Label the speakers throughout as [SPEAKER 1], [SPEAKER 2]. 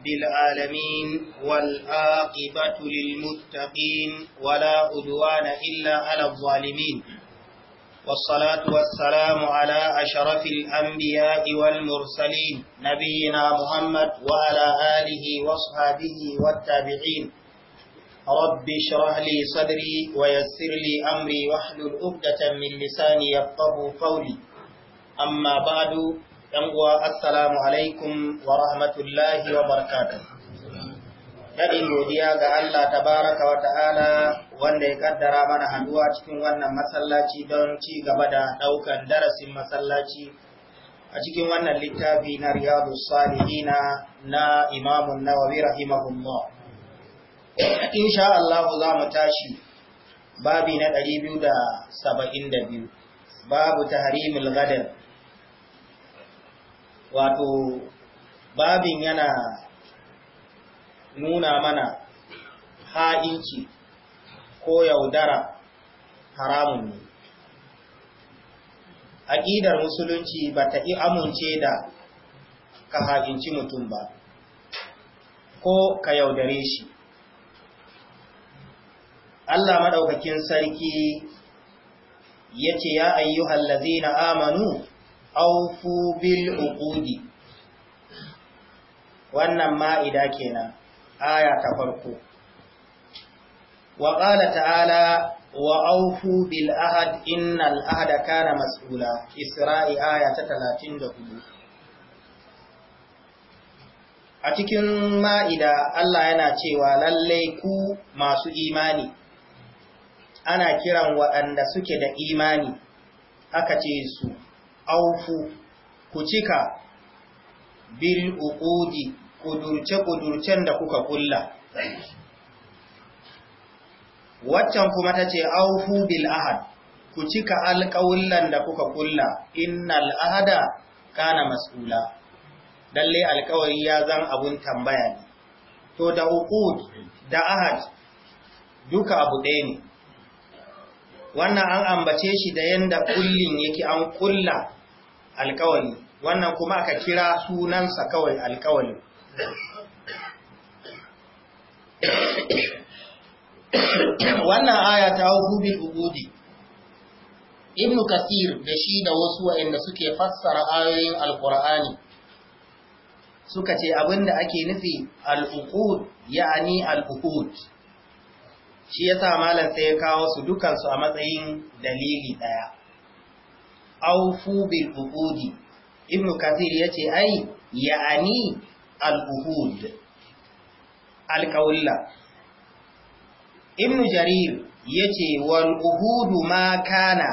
[SPEAKER 1] رب العالمين والآقبة للمتقين ولا أدوان إلا على الظالمين والصلاة والسلام على أشرف الأنبياء والمرسلين نبينا محمد وعلى آله وصحبه والتابعين رب اشرح لي صدري ويسر لي أمري واحلل عقدة من لساني يفقهوا قولي أما بعد yan uwa assalamu alaikum wa rahmatullahi wa barakatuh Daɗin godiya ga Allah baraka wa ta'ala wanda ya kaddara mana haduwa cikin wannan masallaci don ci gaba da ɗaukar darasin masallaci a cikin wannan littafi na Riyadu salihina na imamun nawawi rahimahullah insha Allah za mu tashi babi na 272 babu tahrimul Gadar. wato babin yana nuna mana ha'inci ko yaudara haramun ne aƙidar musulunci ba ta yi amince da ka ha'inci mutum ba ko ka yaudare shi Allah maɗaukakin sarki ya ce ya na amanu aufu bil uqudi wannan ma'ida kenan aya ta farko wa qala ta'ala wa aufu bil ahad innal ahada kana mas'ula isra'i aya ta 34 a cikin ma'ida Allah yana cewa lallai ku masu imani ana kiran waɗanda suke da imani aka ce su aufu ku cika bil uqudi kudurce-kudurcen da kuka kulla waccan kuma tace ce aufu bil ahad ku cika da kuka kulla innal ahada kana mas'ula dalle alƙawari ya zan abun tambaya ne to da uqud da ahad duka abu ɗaya ne wannan an ambace shi da yanda kullin yake an kulla alkawali wannan kuma aka kira sunansa kawai alkawali wannan aya ta hubil ubudi ibnu kasir da shi da wasu wa'anda suke fassara ayoyin alkur'ani suka ce abinda ake nufi ya ya'ani uqud shi yasa malam sai ya kawo su dukansu a matsayin dalili daya aufu bil uqudi ibnu kathir yace ai ya'ani al uqud al qawla ibn jarir yace wal uqudu ma kana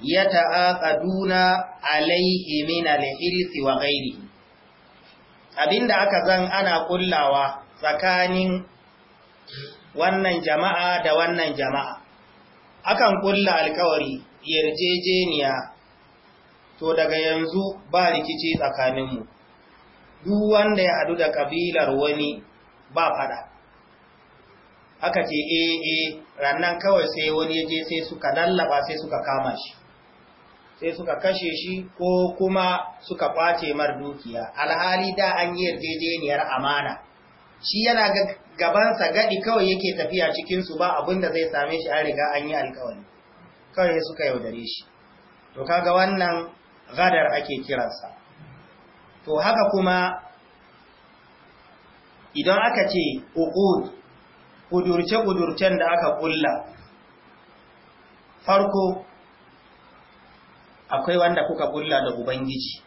[SPEAKER 1] yata'aqaduna alayhi min al-hirs wa ghairi abinda aka zan ana kullawa tsakanin wannan jama'a da wannan jama'a akan kulla alkawari yarjejeniya to daga yanzu ba rikici tsakaninmu duk wanda ya hadu da kabilar wani ba fada aka ce eh, eh rannan kawai sai wani ya je sai suka lallaba sai suka kama shi sai suka kashe shi ko kuma suka kwace mar dukiya alhali da an yi yarjejeniyar amana shi yana gabansa gadi kawai yake tafiya cikinsu ba abinda zai same shi an riga an yi alkawari kawai suka yaudare shi to kaga wannan gadar ake kiransa to haka kuma idan aka ce uqud kudurce-kudurcen da aka kulla farko akwai wanda kuka ƙulla da ubangiji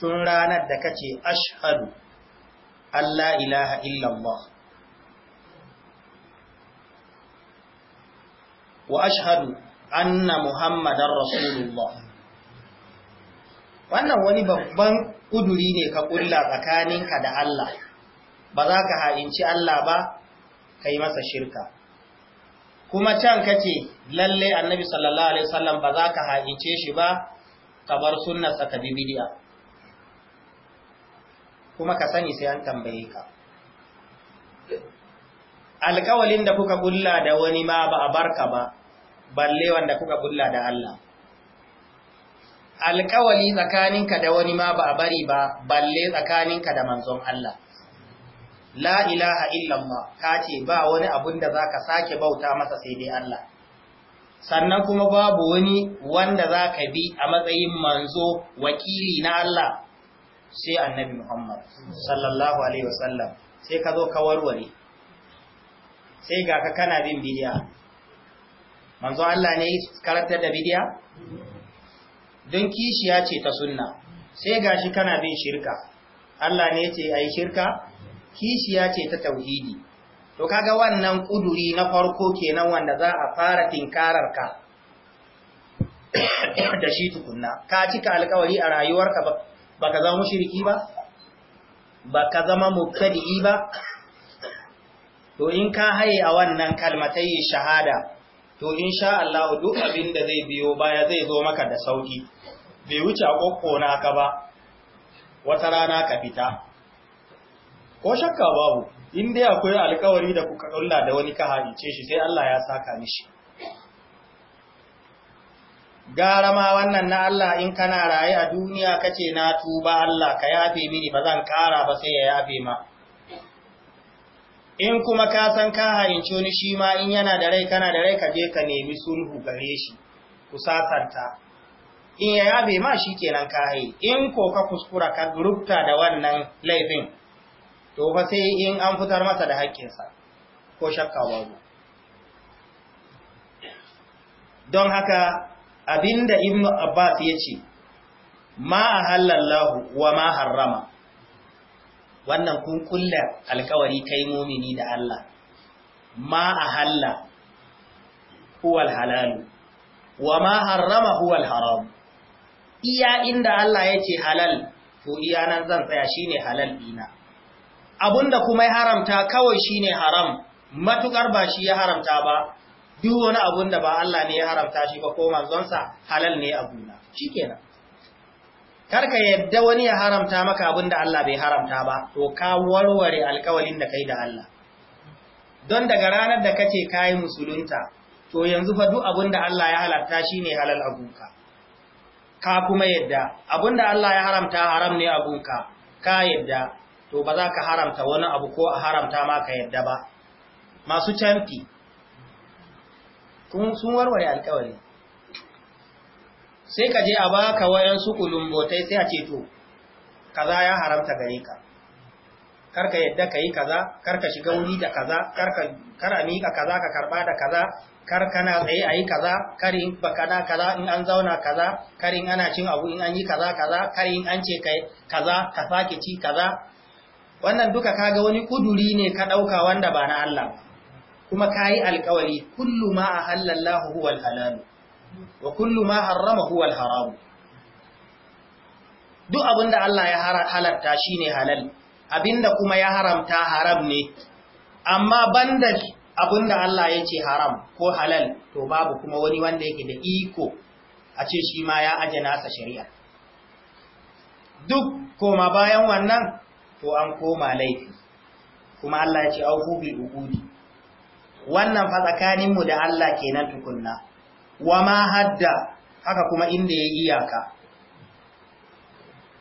[SPEAKER 1] tun ranar da kace ashhadu Allah ilaha illallah wa ashhadu anna Muhammadan rasulullah wannan wani babban kuduri ne ka kulla tsakaninka da Allah ba za ka ha'inci Allah ba ka yi masa shirka kuma can kace lalle annabi sallallahu alaihi wasallam ba za ka ha'ince shi ba ka bar sunnarsa ka bibidiya kuma ka sani sai an tambaye ka alkawalin da kuka kulla da wani ma ba a barka ba balle wanda kuka bulla da Allah alƙawali tsakaninka da wani ma ba a bari ba balle tsakaninka da manzon Allah la ilaha illallah ka ce ba wani abun da zaka sake bauta masa sai dai Allah sannan kuma babu wani wanda zaka bi a matsayin manzo wakili na Allah sai annabi Muhammad sallallahu alaihi wasallam sai ka zo ka warware sai ga ka kana bin bid'a manzo Allah ne karantar da bidiya don kishiya ce ta sunna sai gashi kana bin shirka Allah ne ce yi shirka kishiya ce ta tauhidi to kaga wannan kuduri na farko kenan wanda za a fara tinkarar ka da shi tukunna ka cika alkawari a rayuwarka baka zama mushriki ba baka zama mubtadi ba to in ka haye a wannan kalmatai shahada to in sha Allah duk abin da zai biyo baya zai zo maka da sauki bai wuce a kokkona ka ba wata rana ka fita ko shakka babu in dai akwai alkawari da kuka dulla da wani ka halice shi sai Allah ya saka mishi gara ma wannan na Allah in kana raye a duniya kace na tuba Allah ka yafe mini ba zan kara ba sai ya yafe ma in kuma ka san ka harince ni shi ma in yana da rai kana da rai ka je ka nemi sulhu gare shi ku sasanta in ya yabe ma shi kenan ka haye in ko ka kuskura ka rubta da wannan laifin to fa sai in an fitar masa da haƙƙinsa ko shakka babu don haka abinda ibnu abbas ya ce ma halallahu wa ma harrama wannan kun kulle alkawari kai mumini da Allah ma ahalla huwal halalu wa ma harrama huwal haram iya inda Allah ya ce halal to iya nan zan tsaya shine halal dina abunda kuma ya haramta kawai shine haram matukar ba shi ya haramta ba duk wani abunda ba Allah ne ya haramta shi ba ko manzonsa halal ne abuna shikenan karka yadda wani ya haramta maka abin da Allah bai haramta ba to ka warware alkawalin da kai da Allah don daga ranar da kace kai musulunta to yanzu fa duk abin da Allah ya halatta shine halal abunka. ka kuma yadda abin da Allah ya haramta haram ne abunka, ka yadda to ba za ka haramta wani abu ko a haramta ma yadda ba masu canfi kun sun warware alƙawarin. sai ka je a baka wayansu kulumbotai sai a ce to kaza ya haramta gare ka karka yadda ka yi kaza karka shiga wuri da kaza kar a miƙa kaza ka karba da kaza kar kana tsaye a yi kaza kar in bakana kaza in an zauna kaza kar in ana cin abu in an yi kaza kaza kar in an ce kaza ka sake ci kaza wannan duka kaga wani kuduri ne ka ɗauka wanda ba na Allah kuma ka yi alƙawari kullu ma a halallahu huwal halalu wa kullu ma harrama huwa al-haram duk abinda Allah ya halarta shine halal abinda kuma ya haramta haram ne amma banda abinda Allah yake haram ko halal to babu kuma wani wanda yake da iko a ce shi ma ya aje nasa shari'a duk koma bayan wannan to an koma laifi kuma Allah ya ce auhu bi uqudi wannan fa tsakaninmu da Allah kenan tukunna wa ma hadda haka kuma inda ya iyaka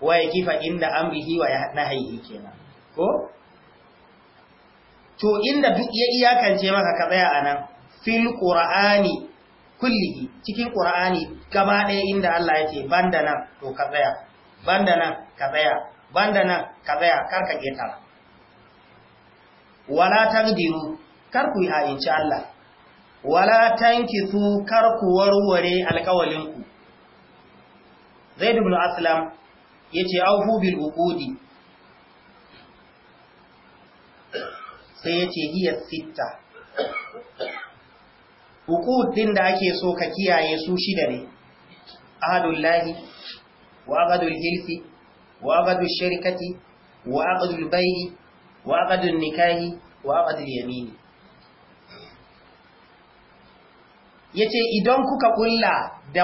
[SPEAKER 1] wa ya kifa inda amrihi wa nahyihi kenan ko to inda duk ya iyakance maka ka tsaya nan, fil qur'ani kullihi cikin qur'ani gaba ɗaya inda Allah yake banda nan to ka tsaya banda nan ka tsaya banda nan ka tsaya kar ka ketara wala taqdiru kar ku yi Allah wala tanki kar ku warware alkawalinku. zaid ibn aslam yace aufu bil uqudi sai yace hiya sitta uqud din da ake so ka kiyaye su shida ne ahadullahi wa aqdul hilfi wa aqdul shirkati wa aqdul bai'i wa aqdul nikahi wa aqdul yamini Ya ce, idan kuka kulla da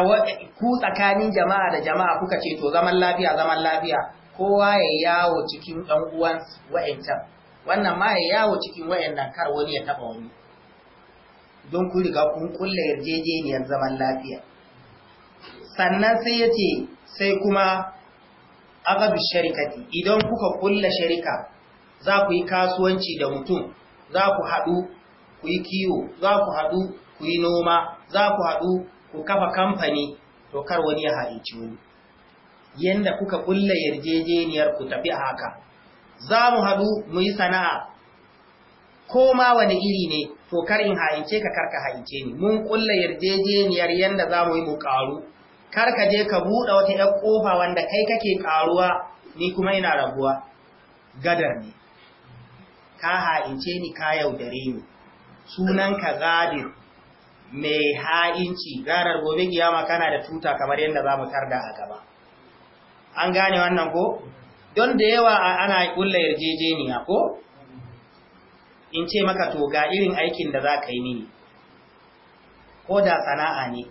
[SPEAKER 1] ku tsakanin jama'a da jama'a kuka ce to zaman lafiya zaman lafiya kowa ya yawo cikin ɗan uwan wa'yancan wannan ma ya yawo cikin wa'annan kar wani ya taba wani don ku riga kun kulla yarjejeniyar zaman lafiya sannan sai ya ce, sai kuma aqabi sharikati idan kuka kulla sharika za ku yi kasuwanci da mutum za ku haɗu ku yi kiwo za ku haɗu ku yi noma za ku haɗu ku kafa kamfani to kar wani ya harici wani yanda kuka kulla yarjejeniyar ku tafi haka za mu haɗu mu yi sana'a ko ma wani iri ne to kar in haince ka kar ka haince ni mun kulla yarjejeniyar yanda za mu yi mu ƙaru kar ka je ka buɗe wata ‘yan ƙofa wanda kai kake ƙaruwa ni kuma ina rabuwa gadar ne ka haince ni ka yaudare ni Sunan ka gadir mai ha'inci ranar gobe giyama kana da tuta kamar yadda za mu tarda a gaba an gane wannan ko don da yawa ana ƙulla yarjejeniya ko in ce maka to ga irin aikin da za ka yi mini ko da sana'a ne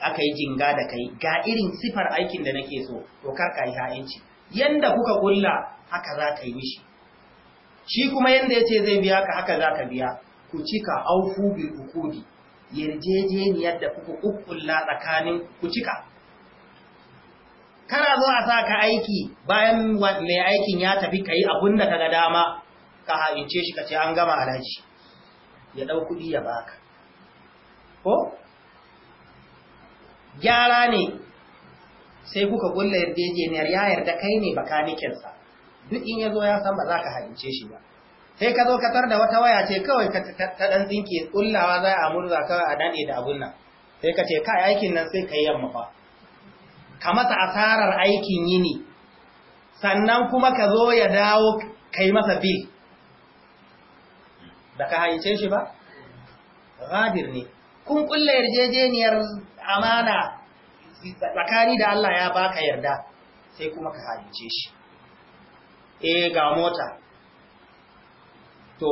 [SPEAKER 1] aka yi jinga da kai ga irin sifar aikin da nake so to kar ka yi ha'inci yanda kuka ƙulla haka za ka yi mishi shi kuma yanda ya ce zai biya ka haka za ka biya ku cika aufu bil ukudi yarjejeniyar da kuka kukkulla tsakanin ku cika kana zo a sa ka aiki bayan mai aikin ya tafi ka yi abin da ka ga dama ka haince shi ka ce an gama alaji ya ɗau kuɗi ya baka ko gyara ne sai kuka gulla yarjejeniyar ya yarda kai ne bakanikinsa duk in ya zo ya san ba za ka haince shi ba sai ka zo ka tar da wata waya ce kawai ta ɗan zinke kullawa za a murza kawai a daɗe da abun nan sai ka ce kai aikin nan sai ka yi yamma fa ka masa asarar aikin yini sannan kuma ka zo ya dawo ka masa bil da ka haice shi ba gadir ne kun kulle yarjejeniyar amana tsakani da Allah ya baka yarda sai kuma ka haice shi eh ga mota to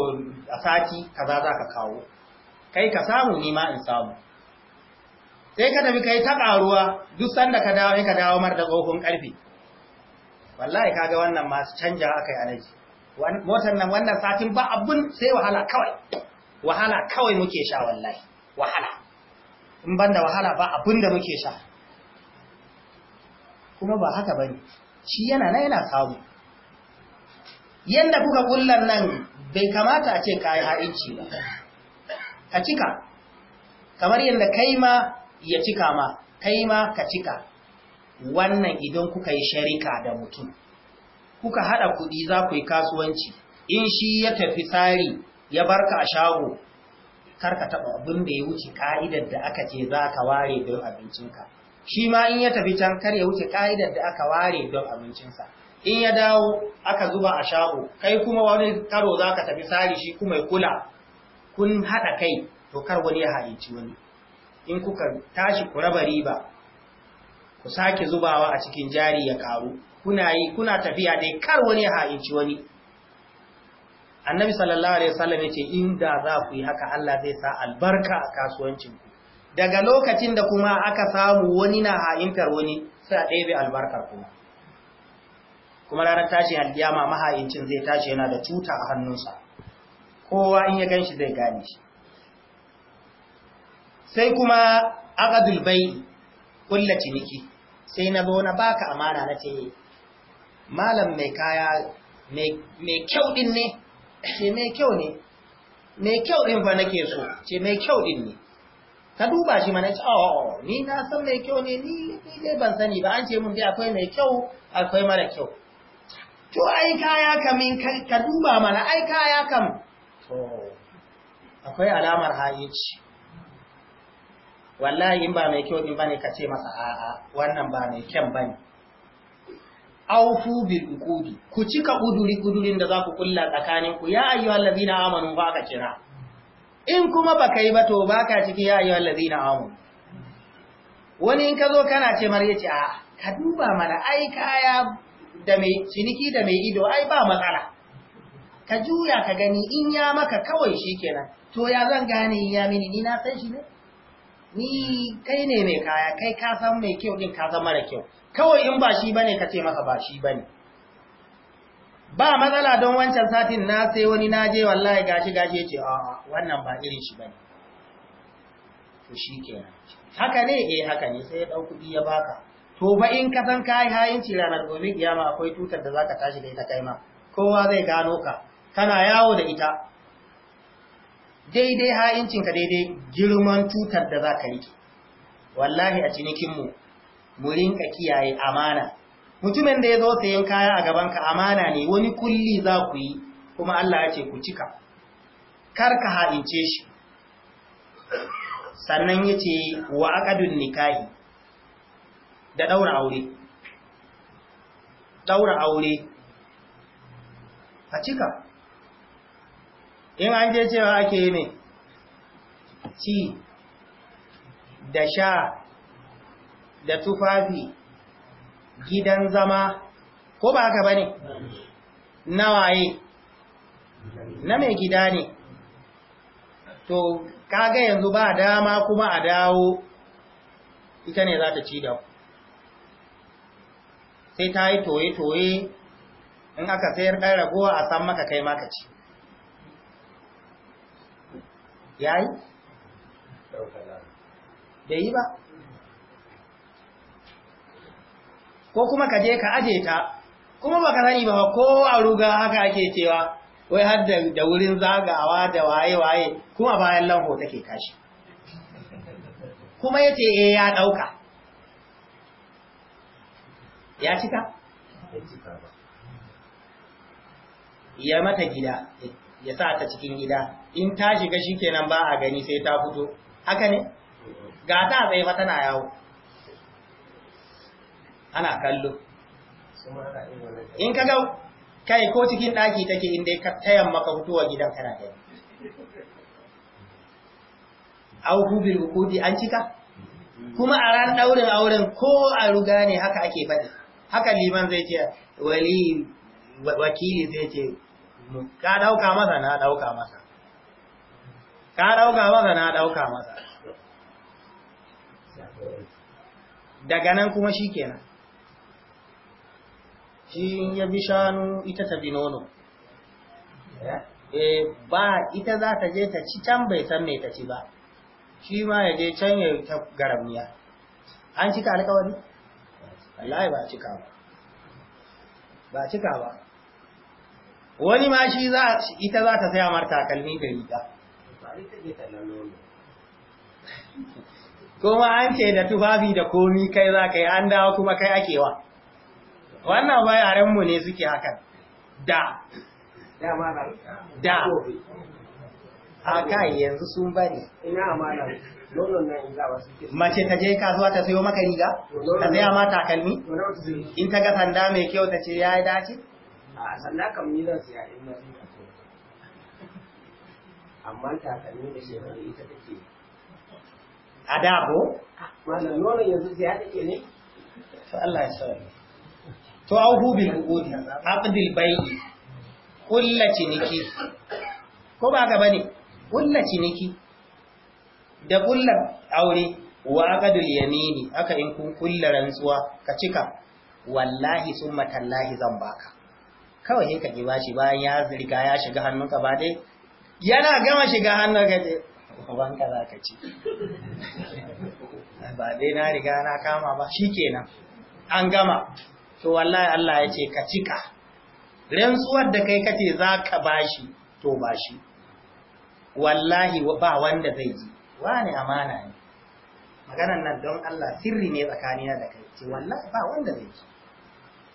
[SPEAKER 1] a sati kaza za ka kawo kai ka samu nima in samu sai ka tafi kai ta ƙaruwa duk sanda ka dawo ka dawo mar da tsohon ƙarfi wallahi kaga wannan masu canja aka yi alaji motar nan wannan satin ba abun sai wahala kawai wahala kawai muke sha wallahi wahala in banda wahala ba abun da muke sha kuma ba haka bane shi yana na yana samu yanda kuka kullan nan bai kamata a ce kayi ha'inci ba ka cika kamar yadda kai ma ya cika ma kai ma ka cika wannan idan kuka yi sharika da mutum kuka haɗa kuɗi za ku yi kasuwanci in shi ya tafi tsari ya barka a shago karka taba abin da ya wuce ka'idar da aka ce za ka ware don abincinka shi ma in ya tafi can kar ya wuce ƙa'idar da aka ware don abincinsa in ya dawo aka zuba a shago kai kuma wani karo za ka tafi sari shi kuma kula kun haɗa kai to kar wani ya ci wani in kuka tashi ku raba riba ku sake zubawa a cikin jari ya karu kuna yi kuna tafiya dai kar wani ya ci wani annabi sallallahu alaihi wasallam yace inda za ku yi haka Allah zai sa albarka a kasuwancinku daga lokacin da kuma aka samu wani na ha'intar wani sai a ɗebe albarkar kuma kuma ranar tashi alkiyama mahayincin zai tashi yana da tuta a hannunsa kowa in ya ganshi zai gane shi sai kuma aqdul bai kulla ciniki sai na zo na baka amana na ce malam mai kaya mai kyau din ne ce mai kyau ne mai kyau din fa nake so ce mai kyau din ne ka duba shi mana ce oh, oh, oh ni na san mai kyau ne ni dai ban sani ba an ce mun dai akwai mai kyau akwai mara kyau to ai kaya kamin ka duba mana ai kaya kam to akwai alamar hayici wallahi in ba mai kyau din bane ka ce masa a'a wannan ba mai kyan bane aufu bil uqudi ku cika uduri kudurin da zaku kulla tsakanin ku ya ayyuhal ladina amanu ba ka kira in kuma baka yi ba to baka ciki ya ayyuhal ladina amanu wani in ka zo kana ce mar yace a'a ka duba mana ai kaya da mai ciniki da mai ido ai ba matsala ka juya ka gani in ya maka kawai shi kenan to ya zan gane in ya mini ni na san shi ne ni kai ne mai kaya kai ka san mai kyau din ka san mara kyau kawai in ba shi bane ka ce masa ba shi bane ba matsala don wancan satin na sai wani na je wallahi gashi gashi yace a wannan ba irin shi bane to shi kenan haka ne eh haka ne sai ya dau kudi ya baka to ba in ka san kai hayinci ranar gobe kiyama akwai tutar da zaka tashi da ita kai ma kowa zai gano ka kana yawo da ita daidai hayincin ka daidai girman tutar da zaka riki wallahi a cinikin mu mu rinka kiyaye amana mutumin da ya zo sayan kaya a ka amana ne wani kulli za ku yi kuma Allah ya ce ku cika kar ka ha'ince shi sannan yace ce wa aqadun nikahi da ɗaura aure ɗaura aure a cika in an je cewa ake yi ne ci da sha da tufafi gidan zama ko ba haka ba ne nawaye na mai gida ne to kaga yanzu ba dama kuma a dawo ita ne za ta ci da sai ta yi toye-toye in aka sayar ɗan ragowa a san maka kai maka ci ya yi? da yi ba ko kuma ka je ka aje ta kuma baka sani ba ko a ruga haka ake cewa wai har da wurin zagawa da waye-waye kuma bayan lanho take kashi kuma yace eh ya ɗauka. ya cika ya mata gida ya sa ta cikin gida in ta shiga shi kenan ba a gani sai ta fito haka ne ga ta tsaye ba tana yawo ana kallo in ka ga kai ko cikin ɗaki take inda ka tayan maka fitowa gidan kana gani auku bil an cika kuma a ran ɗaurin auren ko a ruga ne haka ake faɗi haka liman zai ce wali wakili zai ce ka dauka masa na dauka masa ka dauka masa na dauka masa daga nan kuma shi kenan shi ya bi shanu ita ta bi nono eh, ba ita za ta je ta ci can bai san mai ta ci ba shi ma ya je can ya ta garamiya an cika alkawari wallahi ba cika ba ba cika ba wani ma shi za ita za ta saya marta kalmi da riga kuma an ce da tufafi da komi kai za ka yi an dawo kuma kai akewa wannan ba mu ne suke hakan da da a kai yanzu sun bari ina amana mace ta je kasuwa ta sayo maka riga ta saya ma takalmi in ta ga sanda mai kyau ta ce ya yi dace a sanda kan ni zan siya in na amma takalmi da shekaru ita ke. a da ko malam nonon yanzu siya ke ne to Allah ya sauri to auhu bil uqud aqdil bai'i kullaci niki ko ba gaba ne, kullaci niki da kullar aure wa gadul yamini aka in kun kullar rantsuwa ka cika wallahi summa tallahi zan baka kawai sai ka ji bashi bayan ya riga ya shiga hannunka ba dai yana gama shiga hannunka dai ka za ka ci ba dai na riga na kama ba shikenan an gama to wallahi Allah ya ce ka cika rantsuwar da kai kace za ka bashi to bashi wallahi ba wanda zai ji wani amana ne maganan nan don Allah sirri ne tsakanina da kai ce wallahi ba wanda zai ji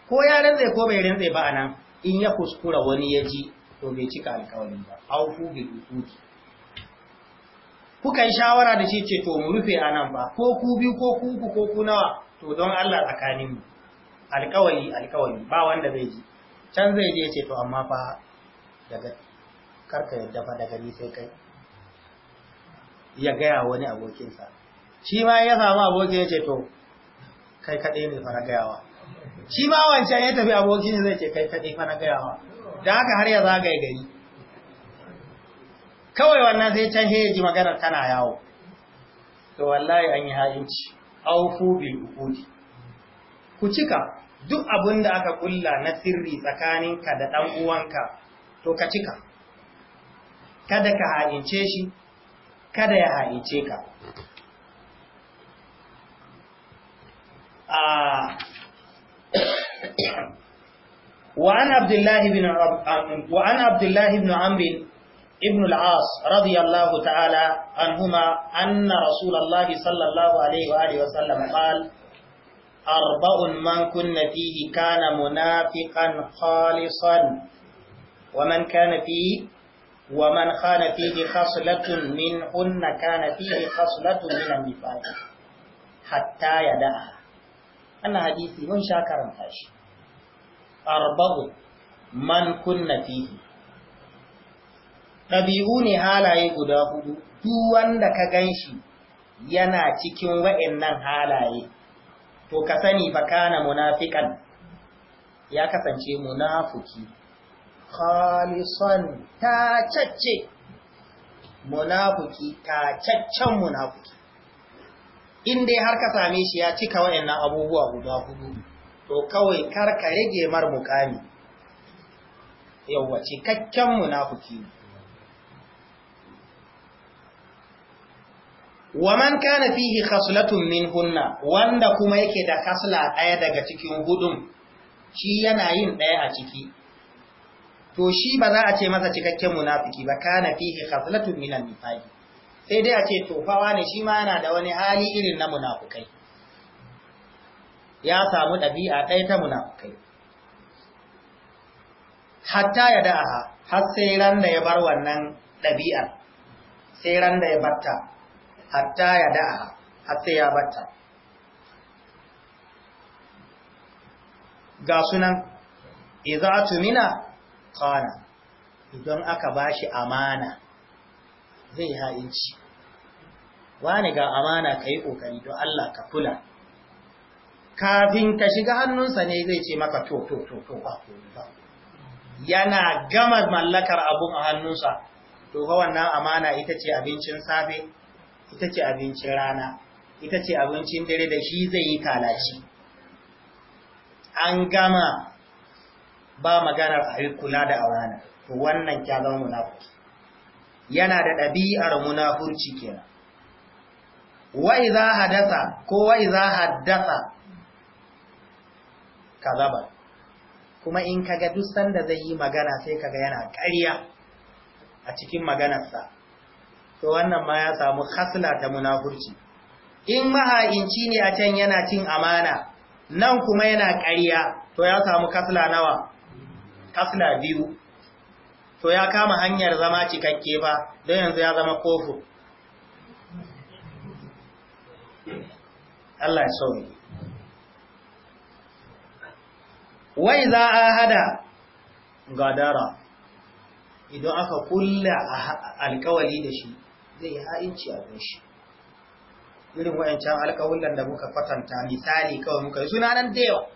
[SPEAKER 1] ko ya rantse ko bai rantse ba anan in ya kuskura wani ya ji to bai cika alkawari ba ku bi uki kuka yi shawara da shi ce to mu rufe anan ba ko ku bi, ko ku ku ko ku nawa to don Allah tsakanin mu alkawari alkawari ba wanda zai ji can zai je ce to amma fa daga karka yadda fa daga ni sai kai ya gaya wani abokinsa shi ma ya samu abokin ya ce to kai kaɗai ne fara gayawa shi ma wancan ya tafi abokin zai ce kai kaɗai fara gayawa da haka har ya zagaye gari kawai wannan sai can ya ji maganar tana yawo to wallahi an yi ha'inci aufu bil uqudi ku cika duk abin da aka kulla na sirri tsakaninka da ɗan uwanka to ka cika kada ka ha'ince shi kada ya haice ka وعن عبد الله بن وعن عبد الله بن عمرو ابن العاص رضي الله تعالى عنهما أن رسول الله صلى الله عليه وآله وسلم قال أربع من كن فيه كان منافقا خالصا ومن كان فيه wa man khana fihi khaslatun min hunna kana fihi khaslatun min an-nifaq hatta yada'a wannan hadisi mun sha karanta shi arba'u man kunna ɗabi'u ne halaye guda hudu duk wanda ka ganshi yana cikin wa'annan halaye to ka sani fa kana munafiqan ya kasance munafuki khalisan tacacce munafiki tacaccen munafiki in dai har ka same shi ya cika wayannan abubuwa guda hudu to kawai kar ka rage mar mukami yawwa cikakken munafuki ne waman kana fihi khaslatun minhunna wanda kuma yake da khasla daya daga cikin hudun shi yana yin ɗaya a ciki to shi ba za a ce masa cikakken munafiki ba kana fihi khaslatun minan nifaqi sai dai a ce to fa wani shi ma yana da wani hali irin na munafikai ya samu dabi'a ɗaya ta munafikai hatta ya da'a har sai ran da ya bar wannan dabi'a sai ran da ya batta hatta ya da'a har sai ya batta ga sunan idza tumina kana idan aka bashi amana zai ha'inci wani ga amana ka yi ƙoƙari don Allah ka kula kafin ka shiga hannunsa ne zai ce maka to to to to yana gama mallakar abun a hannunsa to fa wannan amana ita ce abincin safe ita ce abincin rana ita ce abincin dare da shi zai yi kalaci an gama ba maganar a yi kula da aurana to wannan kya zama munafiki yana da ɗabi'ar munafurci kenan wa idza hadatha ko wa idza Ka kazaba kuma in kaga duk sanda zai yi magana sai kaga yana ƙarya a cikin maganarsa to wannan ma ya samu hasla ta munafurci in maha'inci ne a can yana cin amana nan kuma yana ƙarya to ya samu kasla nawa kasna biyu to ya kama hanyar zama cikakke ba don yanzu ya zama kofu
[SPEAKER 2] Allah ya sauri
[SPEAKER 1] wai za a hada
[SPEAKER 2] gadara
[SPEAKER 1] idan aka kulla alkawali da shi zai yi ha'inci a shi irin wayancan alkawullan da muka kwatanta misali kawai muka yi suna nan da yau?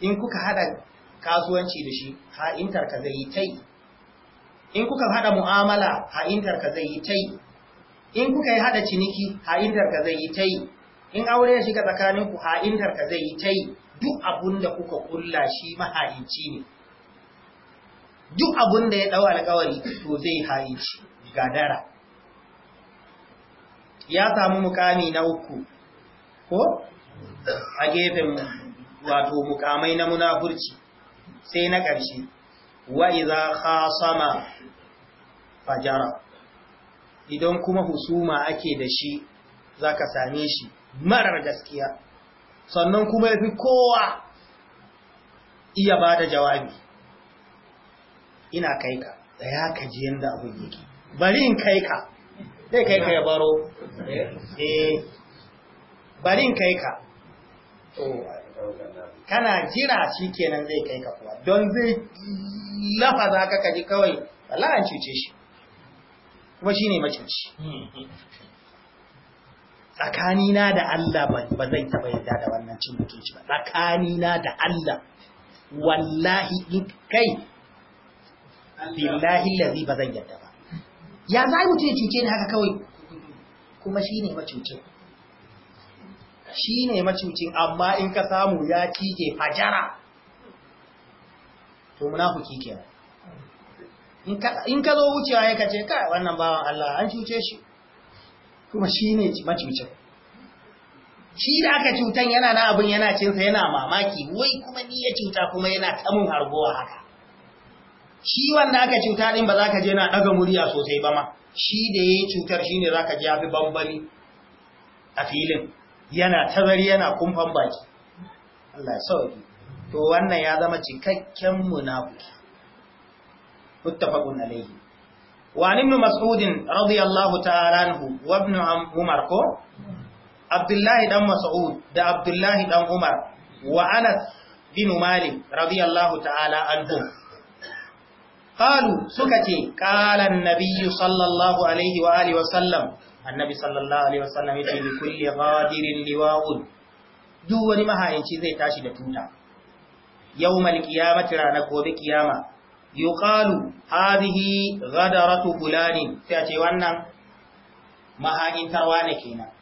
[SPEAKER 1] in kuka hada kasuwanci da shi ha'intar ka zai yi tai in kuka hada mu'amala ha'intar ka zai yi tai in kuka yi hada ciniki ha'intar ka zai yi tai in aure ya shiga tsakaninku ha'intar ka zai yi tai duk abun da kuka kulla shi maha'inci ne duk abun da ya dau alƙawari to zai ha'inci gadara ya samu mukami na uku ko a gefen wato mukamai na munafurci sai na ƙarshe wa iza khasama fajara idan kuma husuma ake da shi zaka same shi marar gaskiya sannan kuma yafi kowa iya bada jawabi ina kai ka da ya kaji yanda abun yake bari in kai ka zai kai ka ya baro eh bari in kai ka to kana jira shi kenan zai kai ka kuwa don zai lafaza ka kaji kawai Allah an cuce shi kuma shi ne macuci tsakanina da Allah ba zai taɓa yadda da wannan cin mutunci ba tsakanina da Allah wallahi in kai billahi lazi ba zan yadda ba ya za mu ce ne haka kawai kuma shi ne macinci shi ne macucin amma in ka samu ya cike hajara, to munafuki kike. in ka zo wucewa ya kace kai wannan bawan Allah an cuce shi kuma shi ne macucin shi da aka cutan yana na abin yana cinsa yana mamaki wai kuma ni ya cuta kuma yana tamun hargowa haka shi wanda aka cuta din ba za ka je na ɗaga murya sosai ba ma shi da ya yi cutar shi ne za ka ji ya fi bambari a filin yana tabari yana kumfan baki Allah ya sauki to wannan ya zama cikakken munafiki muttafaqun alayhi wa ibn mas'ud radiyallahu ta'ala anhu wa ibn umar ko abdullahi dan mas'ud da abdullahi dan umar wa anas bin malik radiyallahu ta'ala anhu qalu suka ce qala an-nabiy sallallahu alaihi wa wa sallam annabi sallallahu alaihi wasallam ya ce li kulli ghadirin liwa'un duk wani mahayinci zai tashi da tuta yawmal qiyamati ranar gobe kiyama yuqalu hadhihi ghadaratu fulani sai a ce wannan mahayin tarwa ne kenan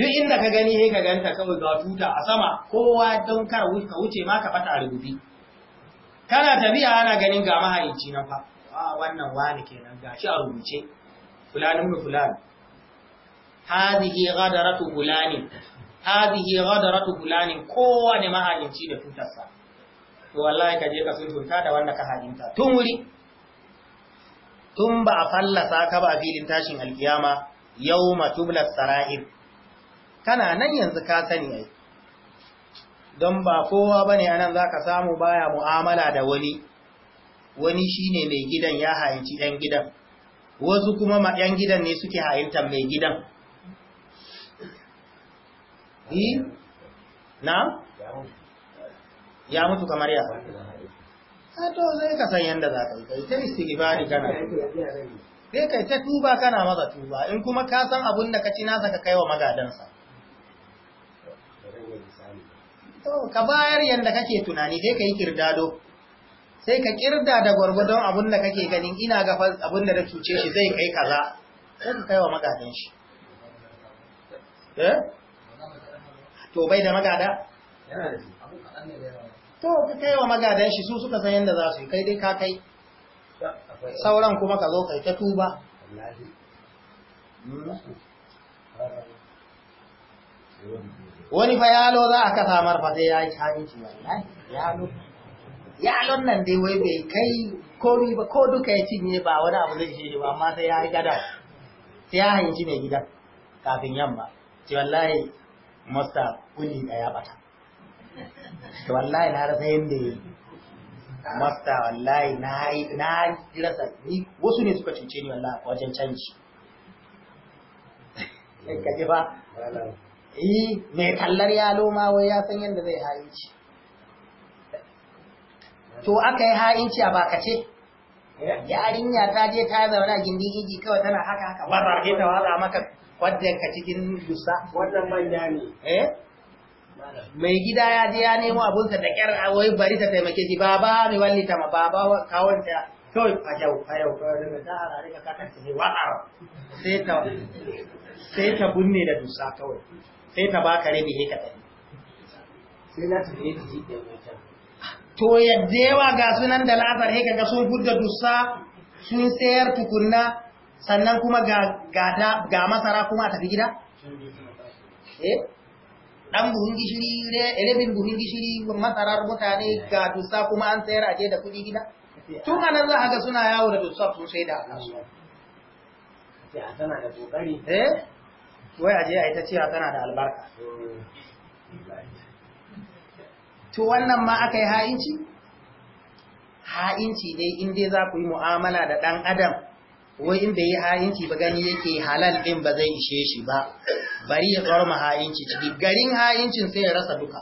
[SPEAKER 1] duk inda ka gani sai ka ganta kawai ga tuta a sama kowa don kar ka wuce ma ka fata rubuci kana tafiya ana ganin ga mahayinci na fa wannan wani kenan gashi a rubuce fulani mu fulani hadhihi ghadaratu fulani hadhihi ghadaratu fulani kowane mahalinci da tutarsa to wallahi kaje ka sulhunta da wannan ka halinta tun wuri tun ba a fallasa ka ba a filin tashin alkiyama yawma tublas sara'ir kana nan yanzu ka sani ai don ba kowa bane anan zaka samu baya mu'amala da wani wani shine mai gidan ya hayinci ɗan gidan wasu kuma ma ɗan gidan ne suke hayintar mai gidan yi na ya mutu kamar ya a to zai ka san yadda za ka yi kai ta istighfari kana zai kai ta tuba kana maza tuba in kuma ka san abin da ka ci nasa ka kai wa magadansa to ka bayar yadda kake tunani sai ka yi kirdado sai ka kirda da gwargwadon abin da kake ganin ina ga abin da da cuce shi zai kai kaza sai ka kai wa magadan shi eh to bai da magada to ka kai wa magadan shi su suka san yadda za su yi kai dai ka kai sauran kuma ka zo kai ta tuba
[SPEAKER 3] wani fa yalo za a kasa
[SPEAKER 1] marfa sai ya yi hamici wallahi yalo yalon nan dai wai bai kai kori ba ko duka ya cinye ba wani abu zai shi ba amma sai ya yi gada sai ya hanci mai gidan kafin yamma ce wallahi mustapha kulli da ya bata to wallahi na rasa yadda yi masta wallahi na yi na rasa ni wasu ne suka cuce ni wallahi wajen canji ka ji ba eh mai kallar ya loma wai ya san yadda zai haici to aka yi ha'inci a bakace yarinya ta je ta zauna gindin iji kawai tana haka haka barra ta wala maka wadda ka cikin dusa wannan manya ne eh mai gida ya je ya nemo abunsa da kyar wai bari ta taimake shi ba mai wallita ma ba kawon ta kawai a yau a yau kawai daga ta harare ka kakar ta sai wa'a sai ta sai ta bunne da dusa kawai sai ta baka rabi ne sai na ta je ta ji ɗaya wajen to yadda yawa ga sunan da la'asar he ga sun gudda dusa sun sayar tukunna sannan kuma ga ga masara kuma a tafi gida eh dan buhun gishiri rabin buhun gishiri masarar mutane ga tusa kuma an a aje da kuɗi gida tun a nan za a ga suna yawo da tusa sun sai da kasuwa eh wai aje a ta cewa tana da albarka to wannan ma aka yi ha'inci ha'inci dai in dai za ku yi mu'amala da ɗan adam wai in bai yi ha'inci ba gani yake halal din ba zai ishe shi ba bari ya tsawar ma ha'inci ciki garin ha'incin sai ya rasa duka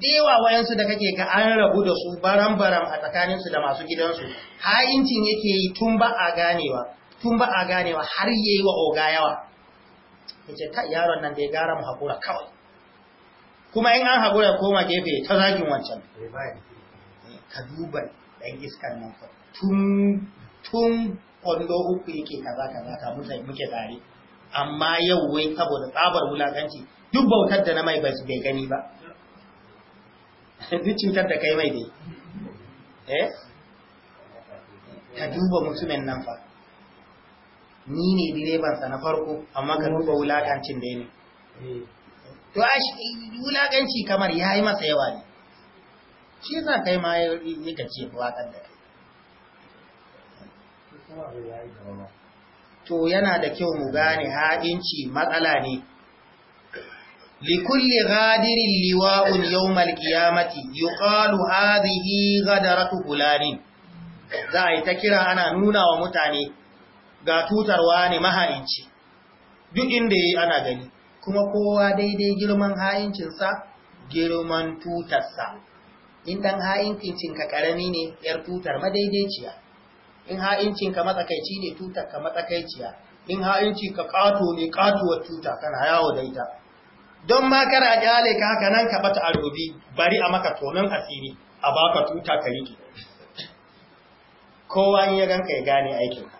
[SPEAKER 1] dewa wayansu da kake ga an rabu da su baram-baram a tsakaninsu da masu gidansu ha'incin yake yi tun ba a ganewa tun ba a ganewa har yayi wa oga yawa yace ta yaron nan da ya gara mu hakura kawai kuma in an hakura koma gefe ta zagin wancan ka duba dan iskan nan fa tun tun kwallo uku yake kaza kaza ka mutane muke tare amma yau wai saboda tsabar wulakanci duk bautar da na mai bai su bai gani ba duk cutar da kai mai dai eh ka duba mutumin nan fa ni ne sa na farko amma ka duba wulakancin da ne to wulakanci kamar ya yi masa yawa ne shi yasa kai ma ya ce wulakar da kai to yana da kyau mu gane ha'inci matsala ne likulli ghadirin liwa'un yawmal qiyamati yuqalu hadhihi ghadaratu fulani za a yi ta kira ana nuna wa mutane ga tutarwa ne maha'inci duk inda yayi ana gani kuma kowa daidai girman ha'incinsa girman tutarsa in ɗan ha'incin ka karami ne yar tutar madaidaiciya in ha'incin ka matsakaici ne tutar ka matsakaiciya in ha'incin ka kato ne katuwar tuta kana yawo da ita don ma kana kyale ka haka nan ka bata arobi bari a maka tonon asiri a baka tuta ka rike kowa in ya ka ya gane aikin ka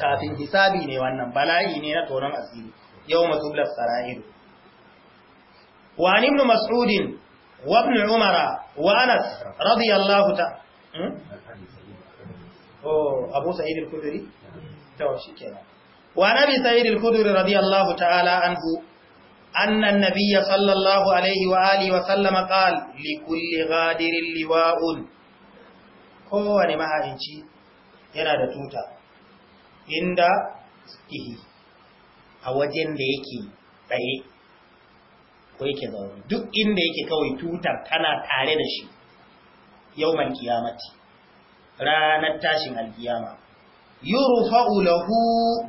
[SPEAKER 1] kafin hisabi ne wannan bala'i ne na tonon asiri yau matublar sara'iru wa ibn mas'udin wa ibn umara wa anas radiyallahu ta hmm? oh abu sa'id al-khudri to shikenan wa nabi sa'id al-khudri radiyallahu ta'ala anhu anna an-nabiy sallallahu alaihi wa alihi wa sallama qala li kulli ghadirin liwa'un kowane mahaici yana da tuta inda ihi a wajen da yake tsaye ko yake zaune duk inda yake kawai tutar tana tare da shi yawmal kiyamati ranar tashin alkiyama yurfa'u lahu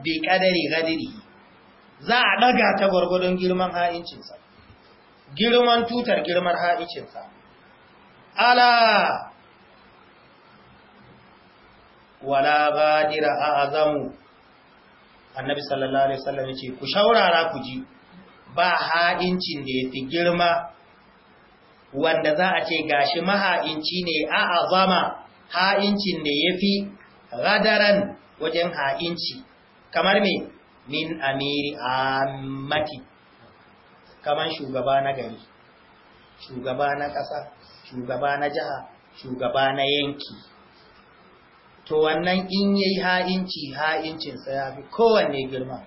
[SPEAKER 1] bi qadari gadiri, za a daga ta gurgudun girman ha'incinsa girman tutar girman ha'incinsa ala wala a a'zamu annabi sallallahu alaihi wasallam yace ku shaurara ku ji ba ha'incin da yafi girma wanda za a ce gashi maha'inci ne a a'zama ha'incin da ya fi radaran wajen ha'inci kamar mai min amiri Mati, kamar shugaba na gari shugaba na ƙasa shugaba na jiha shugaba na yanki to wannan in yi ha'inci ha'incinsa ya fi kowanne girma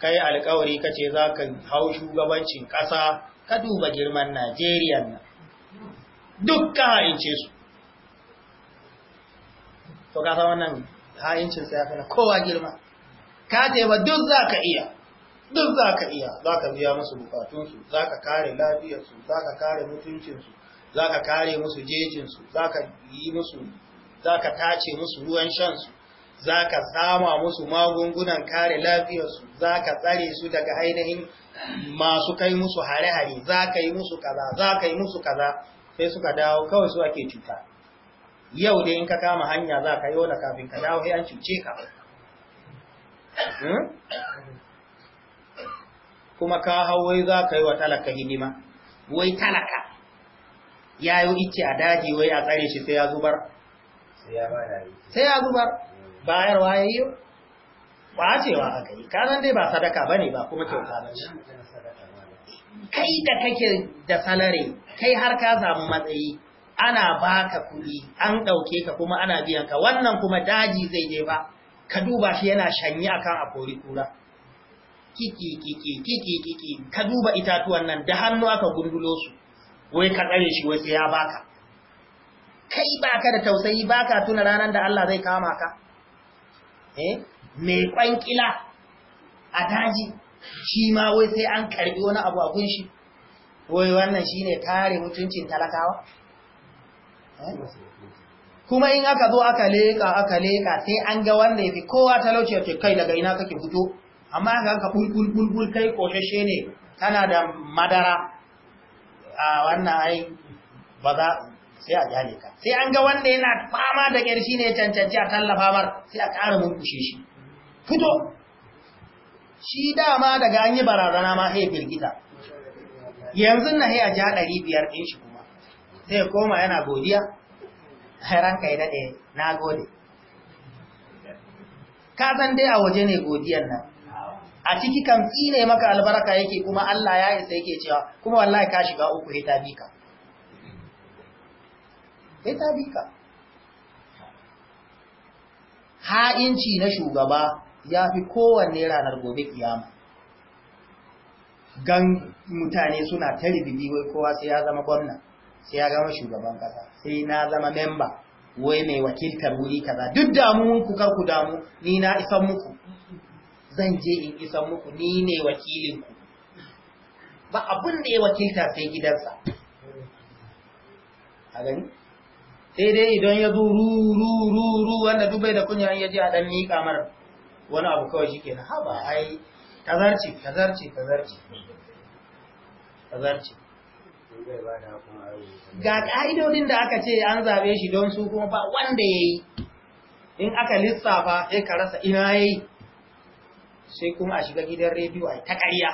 [SPEAKER 1] kai alkawari kace za ka hau shugabancin ƙasa ka duba girman najeriya nan duk ka ha'ince su to ka wannan ha'incin sai yafi na kowa girma ka ce ba duk za iya duk za iya za biya musu bukatunsu za ka kare lafiyarsu za ka kare mutuncinsu za ka kare musu jejinsu za ka yi musu za tace musu ruwan shan su zaka sama musu magungunan kare lafiyarsu za ka tsare su daga ainihin masu kai musu hare-hare za ka yi musu kaza za yi musu kaza sai suka dawo kawai su ake cuta yau dai in ka kama hanya za ka wani kafin ka dawo ya cuce ka hmm? kuma ka wai za ka yi wa talaka hidima wai talaka ya yi ice a daji wai a tsare shi sai ya zubar
[SPEAKER 2] sai
[SPEAKER 1] ya zubar bayarwa ya yi cewa aka yi kanan dai ba sadaka ba ne ba kuma kyauta ba kai da kake da salare kai har ka samu matsayi ana baka kuɗi an ɗauke ka kuma ana biyan ka wannan kuma daji zai je ba ka duba shi yana shanyi akan akori kura kiki kiki kiki kiki ka duba itatuwan nan da hannu aka gundulo su wai ka tsare shi wai ya baka kai baka da tausayi baka tuna ranar da Allah zai kama ka eh? mai me a daji shi ma wai sai an karbi wani abu a gunshi wai wannan shine kare mutuncin talakawa kuma in aka zo aka leƙa aka leƙa sai an ga wanda ya fi kowa talauci ya ce kai daga ina kake fito amma aka ka bulbulbul kai koshashe ne tana da madara a wannan ai ba za sai a gane ka sai an ga wanda yana fama da ƙyar ne cancanci a tallafa mar sai a ƙara murkushe shi fito shi dama daga an yi barazana ma sai firgita yanzu na sai a ja ɗari biyar ɗin shi sai koma yana godiya ranka ya daɗe na gode ka san dai a waje ne godiyan nan a ciki kam tsine maka albarka yake kuma Allah ya isa yake cewa kuma wallahi ka shiga uku hita bika hita bika ha'inci na shugaba ya fi kowanne ranar gobe kiyama gan mutane suna ta ribibi wai kowa sai ya zama gwamna sai ya gama shugaban kasa sai na zama memba wai mai wakiltar wuri kaza duk damuwun ku kar ku damu ni na isan muku zan je in isan muku ni ne wakilin ku ba abin da ya wakilta sai gidansa a gani sai dai idan ya zo ru ru ru ru wanda dubai da kunya ya ji a dan miƙa mara wani abu kawai shi kenan haba ai kazarci kazarci kazarci. Kazarci. ga ƙa'idodin da aka ce an zaɓe shi don su kuma ba wanda ya yi in aka lissafa sai ka rasa ina ya yi sai kuma a shiga gidan rediyo a ta ƙarya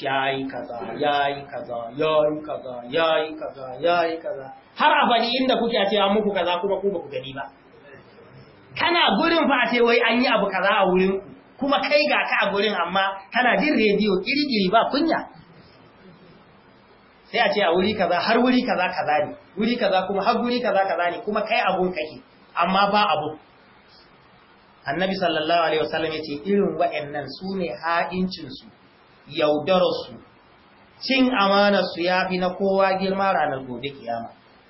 [SPEAKER 1] ya yi kaza ya yi kaza ya yi kaza ya yi kaza ya yi kaza har a faɗi inda kuke a cewa muku kaza kuma ku ku gani ba kana gurin fa ce wai an yi abu kaza a wurin kuma kai ga ka a gurin amma kana jin rediyo kiri ba kunya sai a ce a wuri kaza har wuri kaza kaza ne wuri kaza kuma har wuri kaza kaza ne kuma kai abun kake amma ba abu annabi sallallahu alaihi wasallam yace irin wa'annan su ne ha'incin su yaudarar su cin amana su yafi na kowa girma ranar gobe kiyama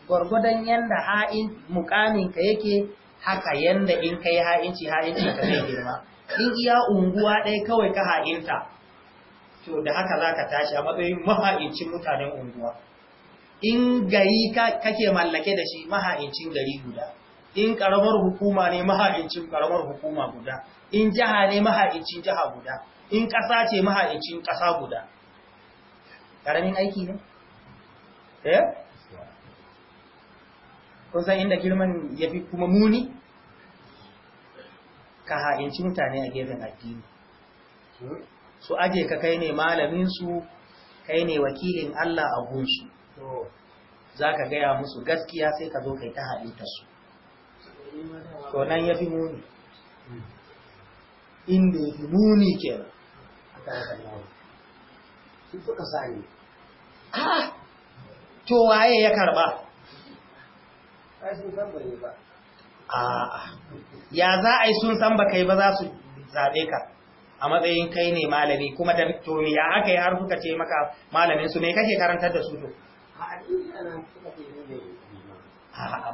[SPEAKER 1] gurgudan yanda ha'in mukamin ka yake haka yanda in kai ha'inci ha'inci ka zai girma in iya unguwa ɗaya kawai ka ha'inta to da haka za ka tashi a matsayin maha'incin mutanen unguwa in gari kake mallake da shi maha'incin gari guda in karamar hukuma ne maha'incin karamar hukuma guda in jiha ne maha'incin jiha guda in ƙasa ce maha'incin ƙasa guda ƙaramin aiki ne? ya? Eh? kun san inda girman ya fi kuma muni? ka ha'incin mutane a gefen addini hmm? su aje ka kai ne malamin su kai ne wakilin Allah a gunsu to zaka gaya musu gaskiya sai ka zo kai ta halitta su to nan ya fi muni inda yafi muni kenan su suka sani ah to waye ya karba ya za a yi sun san ba kai ba za su zabe ka a matsayin kai ne malami kuma da to ya aka yi har suka ce maka malamin su me kake karantar da su to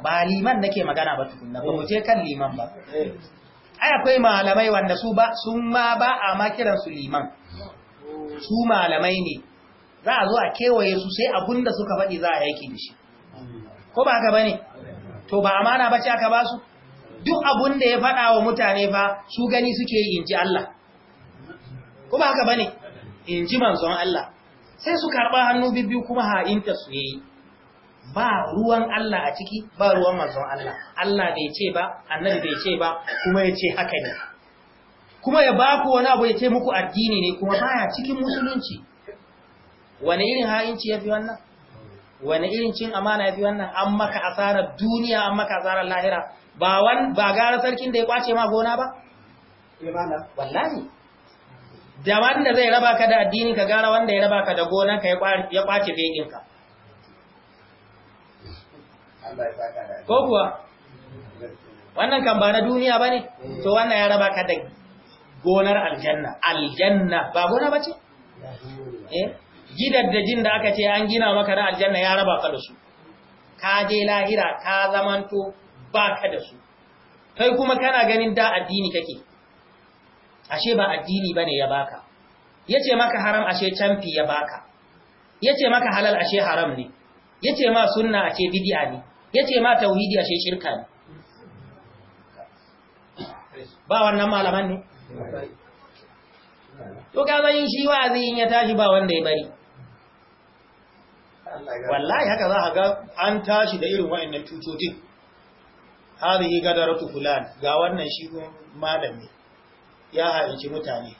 [SPEAKER 1] ba liman nake magana ba tukunna ba mu je kan liman ba ai akwai malamai wanda su ba sun ma ba a ma kiran su liman su malamai ne za a zo a kewaye su sai abunda suka faɗi za a yaki da shi ko ba ba bane to ba amana ba ce aka ba su duk abunda ya faɗa wa mutane fa su gani suke yi ji Allah ko haka bane in ji manzon Allah sai su karba hannu bibbiyu kuma ha'inta su yi ba ruwan Allah a ciki ba ruwan manzon Allah Allah bai ce ba annabi bai ce ba kuma ya haka ne kuma ya baku wani abu yace muku addini ne kuma baya cikin musulunci wani irin ha'inci yafi wannan wani irin cin amana yafi wannan an maka asarar duniya an maka asarar lahira ba wan ba gara sarkin da ya kwace ma gona ba wallahi da wanda zai raba ka da addini ka gara wanda ya raba ka da ka, ya kwace fekinka ko kuwa wannan kan ba na duniya ba ne eh. to wannan ya raba ka da gonar aljanna aljanna ba gona ba ce eh. jin da aka ce an gina maka na aljanna ya raba ka da su ka je lahira ka zamanto ba ka da su kai kuma kana ganin da addini kake ashe ba addini bane ya baka yace maka haram ashe canfi ya baka yace maka halal ashe haram ne yace ma sunna ashe bid'a ne yace ma tauhidi ashe shirka ne ba wannan malaman ne to kaga yin shi wa'azi in ya tashi ba wanda ya bari wallahi haka za ka ga an tashi da irin wa'annan tutotin hadhihi gadaratu fulan ga wannan shi malami ya halici mutane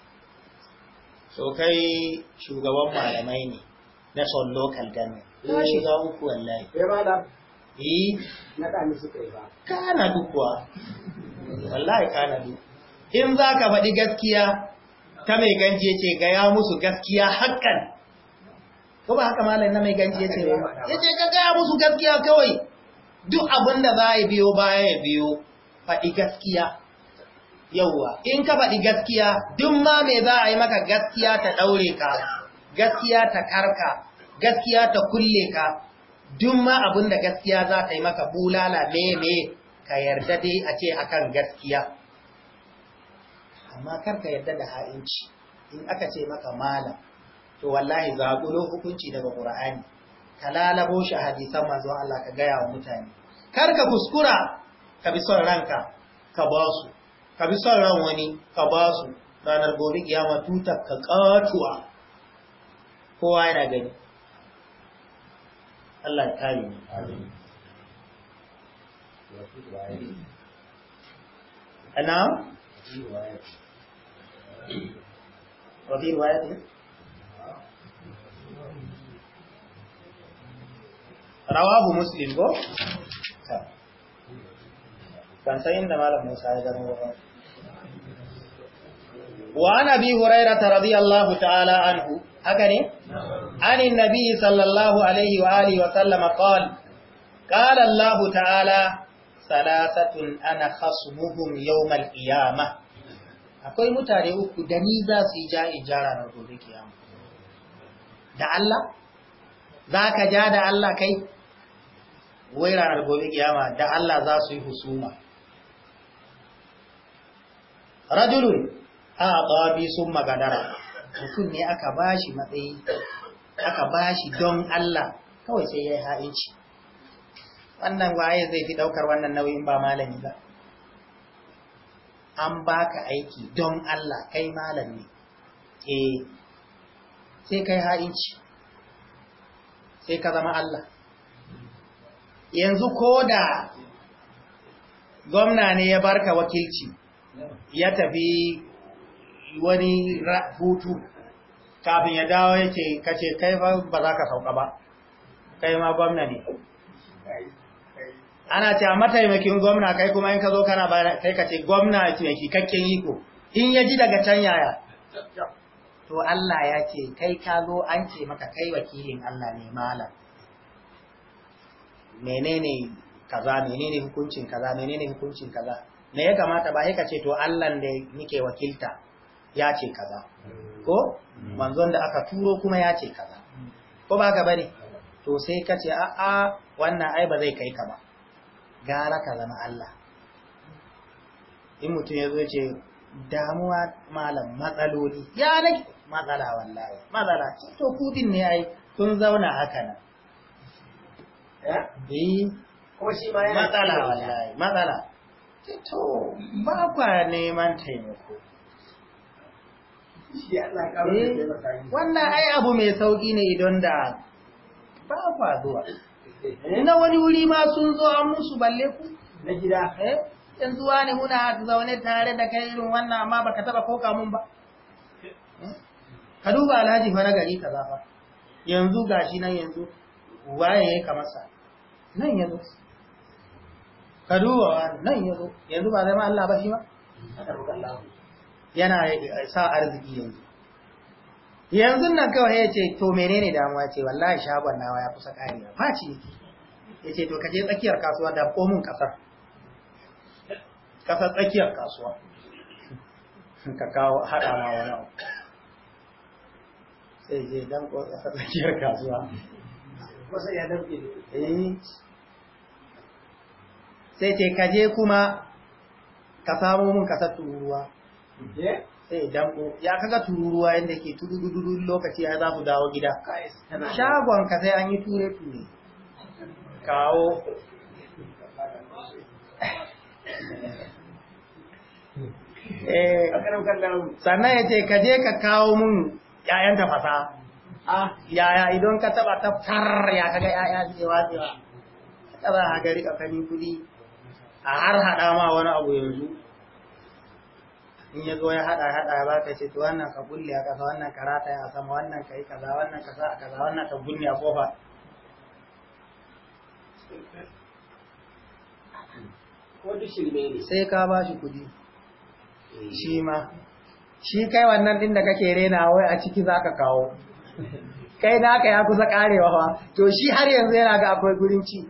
[SPEAKER 1] so kai shugaban malamai ne na son local government ka shiga uku wallahi eh na ɗani suka yi ba kana dukwa wallahi kana du in za ka faɗi gaskiya ta mai ganje ce gaya musu gaskiya hakan ko ba haka malam na mai ganje ce ba ya ce ka gaya musu gaskiya kawai duk abin da za a biyo baya ya biyo faɗi gaskiya yauwa in ka faɗi gaskiya duk ma me za a yi maka gaskiya ta ɗaure ka gaskiya ta karka gaskiya ta kulle ka duk ma abin da gaskiya za ta yi maka bulala meme ka yarda dai a ce akan gaskiya amma kar ka yarda da ha'inci in aka ce maka malam to wallahi zagulo hukunci daga ƙura'ani ka lalabo shi hadisan manzon Allah ka gaya wa mutane kar ka kuskura ka bi son ranka ka ba su ka bi son ran wani ka ba su ranar gobe kiyama tutar ka katuwa kowa yana gani Allah ya kare mu ana wafi riwaya ne rawahu muslim ko kan san inda malam Musa ya zama wa وعن أبي هريرة رضي الله تعالى عنه أكني عن النبي صلى الله عليه وآله وسلم قال قال الله تعالى ثلاثة أنا خصمهم يوم القيامة akwai mutane uku da ni za su yi ja ijara na gobe kiyama da Allah za ka ja da Allah kai wai ranar gobe kiyama da Allah za su yi husuma rajulun a babi sun magadara mutum ne aka bashi matsayi aka bashi don Allah kawai sai ya yi ha'inci wannan waye zai fi daukar wannan nauyin ba malami ba an baka aiki don Allah kai malami eh sai kai ha'inci sai ka zama Allah yanzu ko da gwamna ne ya barka wakilci ya tafi wani hutu kafin ya dawo yake kace kai ba za ka sauka ba kai ma gwamna ne ana ce a mataimakin gwamna kai kuma in ka zo kana bayan kai ka ce yake kakken cikakken iko in ya ji daga can yaya to Allah ya ce kai ka zo an ce maka kai wakilin Allah ne malam menene kaza menene hukuncin kaza menene hukuncin kaza me ya kamata ba ka ce to Allah da nike wakilta ya ce kaza ko manzon da aka turo kuma ya ce kaza ko ba ka bane to sai ka ce a'a wannan ai ba zai kai ka ba gara ka zama Allah in mutum ya zo ce damuwa malam matsaloli ya nake matsala wallahi matsala to kudin ne ai Kun zauna haka nan eh kuma shi matsala wallahi matsala to ba kwa neman taimako Eh, wannan ai abu mai sauki ne idan da ba fa zuwa eh. Ina wani wuri ma sun zo an musu balle ku na gida eh yanzu wani muna zaune tare da kai irin wannan amma baka taba koka mun ba eh, ka duba alhaji fa na gari ka zafa. yanzu gashi nan yanzu waye ya kamar sa nan yanzu ka duba nan yanzu yanzu ba zama ma Allah ba shi ma ka rubuta Allah yana sa arziki yanzu yanzu nan kawai ya ce to menene damuwa ce wallahi shagon nawa ya kusa karewa faci yake ya ce to ka je tsakiyar kasuwa da komin kasar kasar tsakiyar kasuwa ka kawo haɗa ma wani abu sai je dan kasar tsakiyar kasuwa
[SPEAKER 2] wasu ya damfe
[SPEAKER 1] ne eh. sai ce ka je kuma ka samo mun kasar turuwa
[SPEAKER 2] Eh? sai
[SPEAKER 1] damko ya kaga tururuwa yadda ke tururudu lokaci ya za mu dawo gida shagon ka sai an yi ture ture kawo eh, sannan ya ce ka je ka kawo mun ƴaƴan tafasa ah. yaya idan ka taba taftar ya kaga ƴaƴa cewa cewa taba a gari ka kani kudi a har hada ma wani abu yanzu in ya zo ya haɗa haɗa ya baka
[SPEAKER 2] ce to wannan ka bulle a ƙasa wannan ka rataya a sama wannan ka yi kaza wannan ka sa a kaza wannan ka bulle a
[SPEAKER 1] kofa sai ka ba shi kuɗi eh. shi ma shi kai wannan ɗin da kake rena wai a ciki za ka kawo kai na ka ya kusa karewa fa? to shi har yanzu yana ga akwai gurin ci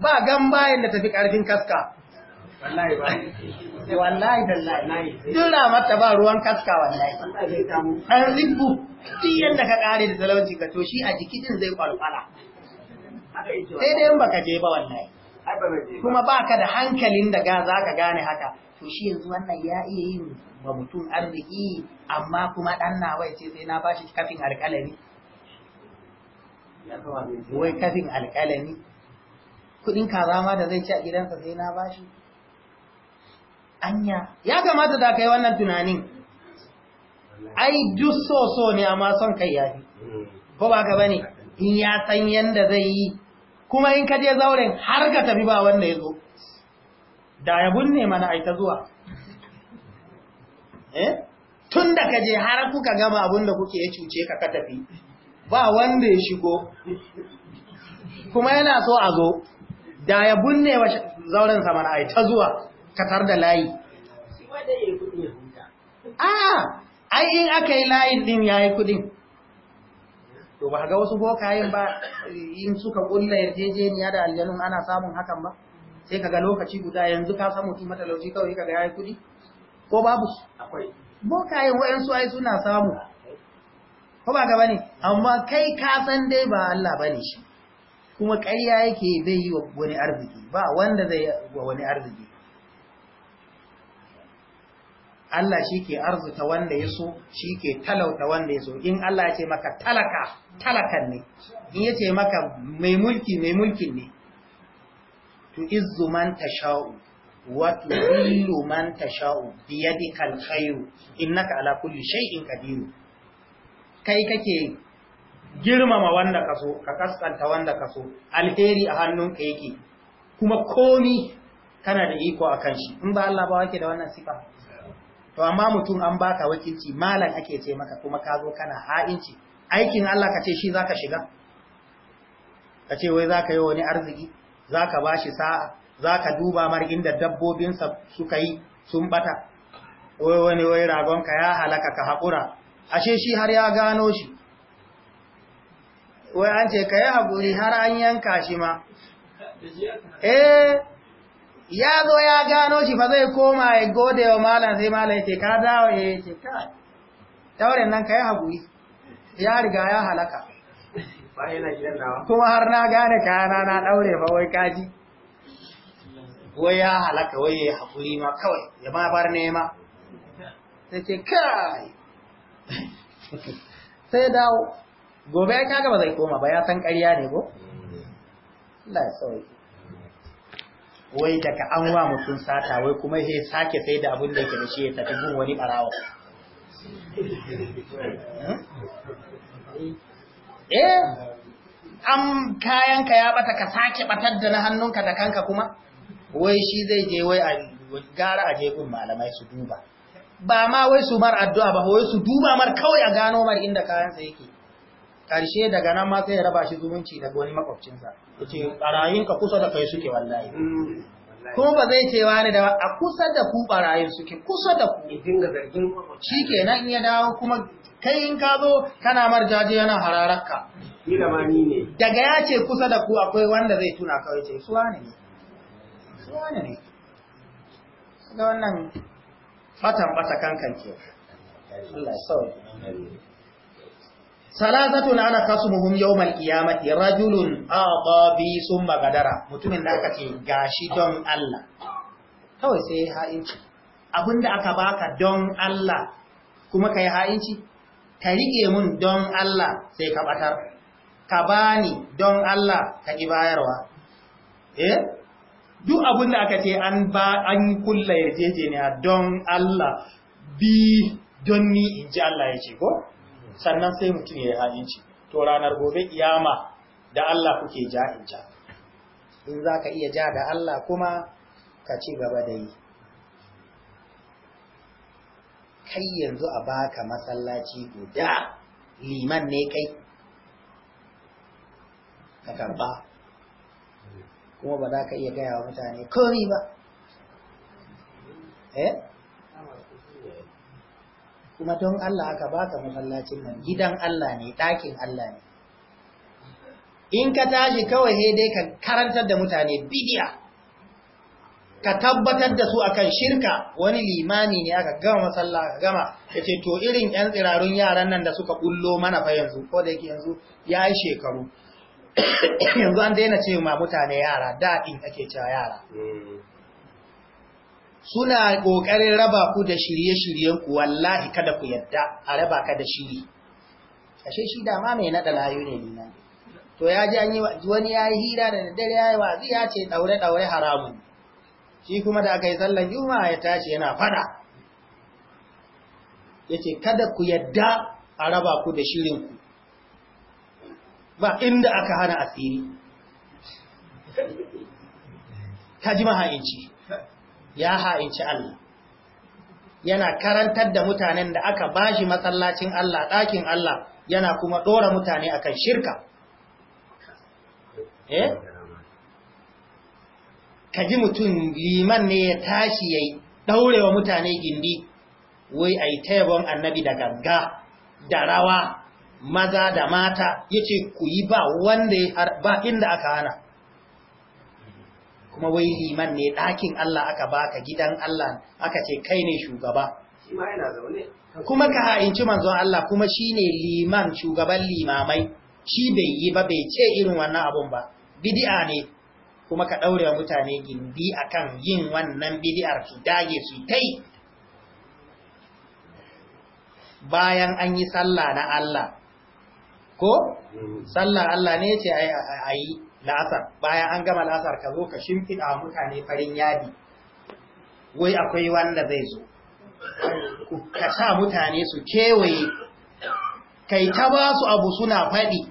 [SPEAKER 1] ba gan bayan da tafi karfin kaska wallahi ba wallahi tallahi duk ramar ta ba ruwan kaska wallahi dan ribbu duk yanda ka kare da talauci ka to shi a jiki din zai kwalkwala sai dai in baka je ba wallahi kuma baka da hankalin da ga zaka gane haka to shi yanzu wannan ya iya yin ba mutum arziki amma kuma dan nawa ce sai na bashi kafin alƙalami wai kafin alƙalami Kuɗin kaza ma da zai ci a gidansa sai na bashi anya ya kamata da kai wannan tunanin ai duk so ne amma son kai yafi ko ba ka bane in ya san yanda zai yi kuma in ka je zauren har ka tafi ba wanda ya zo da ya bunne mana ai ta zuwa eh tun da ka je har kuka gama abun da kuke ya cuce ka ka tafi ba wanda ya shigo kuma yana so a zo da ya bunne wa zauren sa mana ai ta zuwa katar da layi a ah, ai in aka yi layin din ya yi kudin to ba ga wasu bokayen ba in suka kulla yarjejeniya da aljanun ana samun hakan ba sai kaga lokaci guda yanzu ka samu mutum matalauci kawai kaga ya yi kudi ko babu akwai bokayen wayansu ai suna samu ko ba gaba ne amma kai ka san dai ba Allah bane shi kuma ƙarya yake zai yi wa wani arziki ba wanda zai wa wani arziki Allah shi ke arzuta wanda ya so shi ke talauta wanda ya so in Allah ya ce maka talaka talakan ne in ya ce maka mai mulki mai mulkin ne to izu man tasha'u wa tudillu man tasha'u bi khairu innaka ala kulli shay'in qadir kai kake girmama wanda ka so ka kaskanta wanda ka so alheri a hannunka yake kuma komi kana da iko akan shi in ba Allah ba wake da wannan sifa to amma mutum an baka wakilci malam ake ce maka kuma ka zo kana ha'inci aikin Allah ka ce shi zaka shiga ka ce wai zaka yi wani arziki zaka bashi sa'a zaka duba mar inda dabbobinsa suka yi sun bata wai wani wai ragon ka ya halaka ka hakura ashe shi har ya gano shi wai an ce ka yi hakuri har an yanka shi ma eh ya zo ya gano shi fa zai koma ya gode wa malam sai malam ya ce ka dawo ya ce kai dauren nan ka yi haƙuri ya riga ya halaka kuma har na gane kayana na daure ba wai kaji wai ya halaka wai ya yi ma kawai ya ma bar nema sai ce kai sai dawo gobe ya kaga ba zai koma ba ya san ƙarya ne ko? Hmm.
[SPEAKER 2] Allah ya sauki
[SPEAKER 1] wai daga an wa mutum sata wai kuma sai sake sai da abin da yake da shi ya tafi gun wani barawa hmm? eh an kayanka ya bata ka sake batar da na hannunka da kanka kuma wai shi zai je wai a gara a jefin malamai su duba ba ma wai su mar addu'a ba wai su duba mar kawai a gano mar inda kayansa yake ƙarshe daga nan ma sai ya raba shi zumunci daga wani makwabcinsa ya ce ɓarayinka kusa da kai suke wallahi mm, ko ba zai ce wani da a kusa da ku ɓarayin suke kusa da ku shi ke nan ya dawo kuma kai in ka zo kana marjaji yana harararka daga ya ce kusa da ku akwai wanda zai tuna kawai ce suwa ne suwa ne ga wannan batan bata kankan ke Allah ya sauke salatatun ana kasumuhum yawma alqiyamati rajulun ata bi summa gadara mutumin da aka ce gashi don allah kawai sai ya ha'inci abinda aka baka don allah kuma ka yi ha'inci ka riƙe mun don allah sai ka ɓatar ka bani don allah ka ƙi bayarwa eh duk abinda aka ce an ba an kulla yarjejeniya don allah bi don ni in ji allah ya ce ko sannan sai mutum ya yi ha'inci to ranar gobe iyama da Allah kuke ja in in za ka iya ja da Allah kuma ka ci gaba da yi kai yanzu a baka masallaci guda liman ne kai ka karba kuma ba za ka iya gaya wa mutane kori ba eh kuma don Allah aka baka masallacin nan gidan Allah ne ɗakin Allah ne in ka tashi kawai sai dai ka karantar da mutane bidiya ka tabbatar da su akan shirka wani limani ne aka gama masalla aka gama ya ce to irin yan tsirarun yaran nan da suka bullo mana fa yanzu ko da yake yanzu ya yi shekaru yanzu an daina ce ma mutane yara daɗin ake cewa yara mm. suna ƙoƙarin raba ku da shirye-shiryenku wallahi kada ku yadda a raba ka da shiri ashe shi dama mai naɗa layu ne nuna to ya ji an yi wani ya yi hira da daddare ya yi wazi ya ce ɗaure-ɗaure haramun shi kuma da aka yi sallan juma ya tashi yana fada ya ce kada ku yadda a raba ku da shirinku ba inda aka hana asiri ka ji maha'inci ya ha'inci Allah yana karantar da mutanen da aka bashi masallacin Allah ɗakin Allah yana kuma ɗora mutane akan shirka eh ji mutum liman ne ya tashi yayi daurewa mutane gindi wai ai tayabon annabi da ganga da rawa maza da mata yace ku yi ba wanda ba inda aka hana kuma wai liman ne ɗakin Allah aka baka gidan Allah aka ce kai ne shugaba kuma ka ha'inci manzon Allah kuma shi ne liman shugaban limamai shi bai yi ba bai ce irin wannan abun ba Bidi'a ne kuma ka ɗaure wa mutane gindi kan yin wannan bidi'ar su dage su tai bayan an yi sallah na Allah ko mm. sallah Allah ne ce yi, la'asar bayan an gama la'asar ka zo ka shimfiɗa mutane farin yadi wai akwai wanda zai zo ka sa mutane su kewaye kai ta ba su abu suna faɗi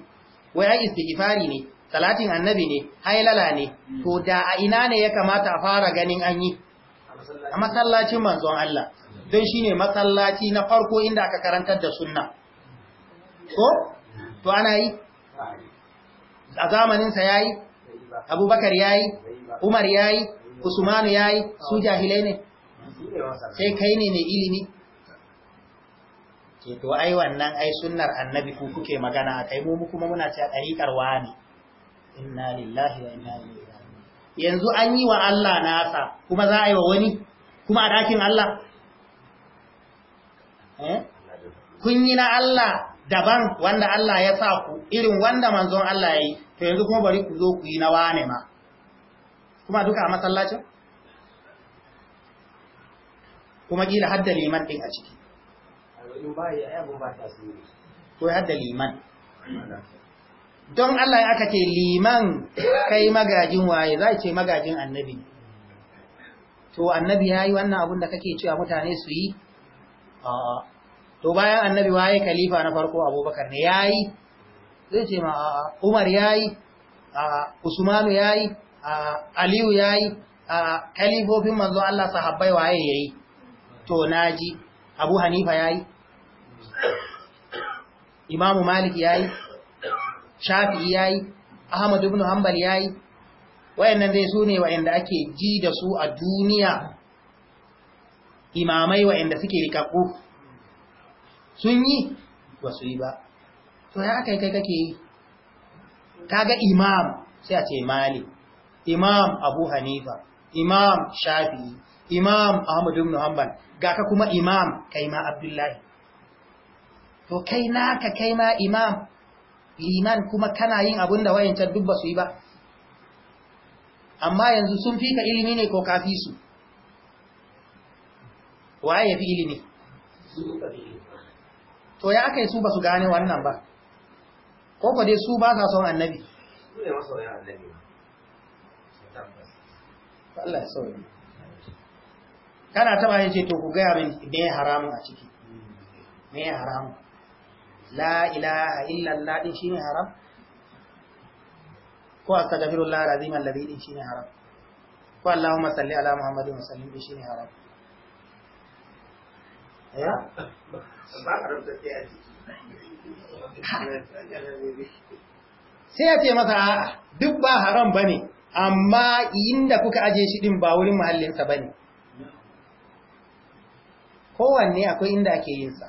[SPEAKER 1] wai ai istighfari ne salatin annabi ne hailala ne to da a ina ne ya kamata a fara ganin an yi a masallacin manzon Allah don shine masallaci na farko inda aka karantar da sunna ko to ana yi a zamaninsa ya yi abubakar ya yi umar ya yi usmanu ya yi su jahilai ne sai kai ne mai ilimi ke to ai wannan ai sunnar annabi ku kuke magana a kai mu kuma muna ce a ɗariƙar wani
[SPEAKER 2] inna lillahi wa inna ilaihi
[SPEAKER 1] yanzu an yi wa Allah nasa kuma za a yi wa wani kuma a ɗakin Allah eh? kun yi na Allah daban wanda Allah ya sa ku irin wanda manzon Allah ya yi to yanzu kuma bari ku zo ku yi na wane ma kuma duka a masallacin kuma kila hadda liman ɗin a ciki ko hadda liman don Allah ya aka ce liman kai magajin waye za ce magajin annabi to annabi ya yi wannan abun da kake cewa mutane su yi a'a to bayan annabi waye khalifa na farko abubakar ne yayi zai ce ma umar yayi usmanu yayi aliyu yayi khalifofin manzo Allah sahabbai waye yayi to naji abu hanifa yayi Imam malik yayi Shafi yayi ahmad ibn hanbal yayi wayannan dai sune wayanda ake ji da su a duniya imamai wayanda suke rikakku sun yi ba su yi ba to ya aka yi kai kake yi kaga imam sai a ce mali imam abu hanifa imam shafi imam ahmad ibn ga ka kuma imam kai ma abdullahi to kai naka kai ma imam liman kuma kana yin abin da wayancan duk su yi ba amma yanzu sun fi ka ilimi ne ko kafisu. su waye ya fi ilimi to ya aka yi su ba su gane wannan ba ko ko dai su ba sa son annabi kana taba yin ce to ku gaya min me ya haramun a ciki me ya haramun la ilaha illallah shi ne haram ko a astaghfirullah alazim ɗin shi ne haram ko allahumma salli ala
[SPEAKER 2] muhammadin Masallin ɗin shi ne haram
[SPEAKER 1] ya? Eh? sai ya ce masa duk ba haram ba ne amma inda kuka aje shi din ba wurin mahallinsa ba ne kowanne akwai inda ake yinsa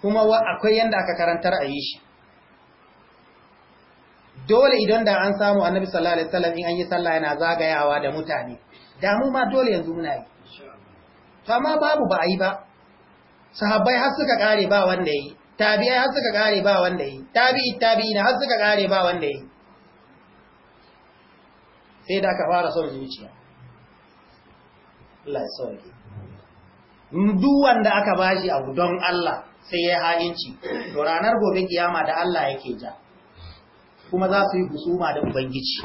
[SPEAKER 1] kuma akwai yadda aka karantar a yi shi dole idan da an samu annabi sallallahu alaihi wasallam in an yi sallah yana zagayawa da mutane damu ma dole yanzu muna yi to amma babu ba a yi ba sahabbai har suka kare ba wanda yi tabi'ai har suka kare ba wanda yi tabi'i tabi'ina har suka kare ba wanda yi sai da ka fara son zuciya Allah ya sauke duk wanda aka bashi a don Allah sai ya halinci to ranar gobe kiyama da Allah yake ja kuma za su yi husuma da ubangiji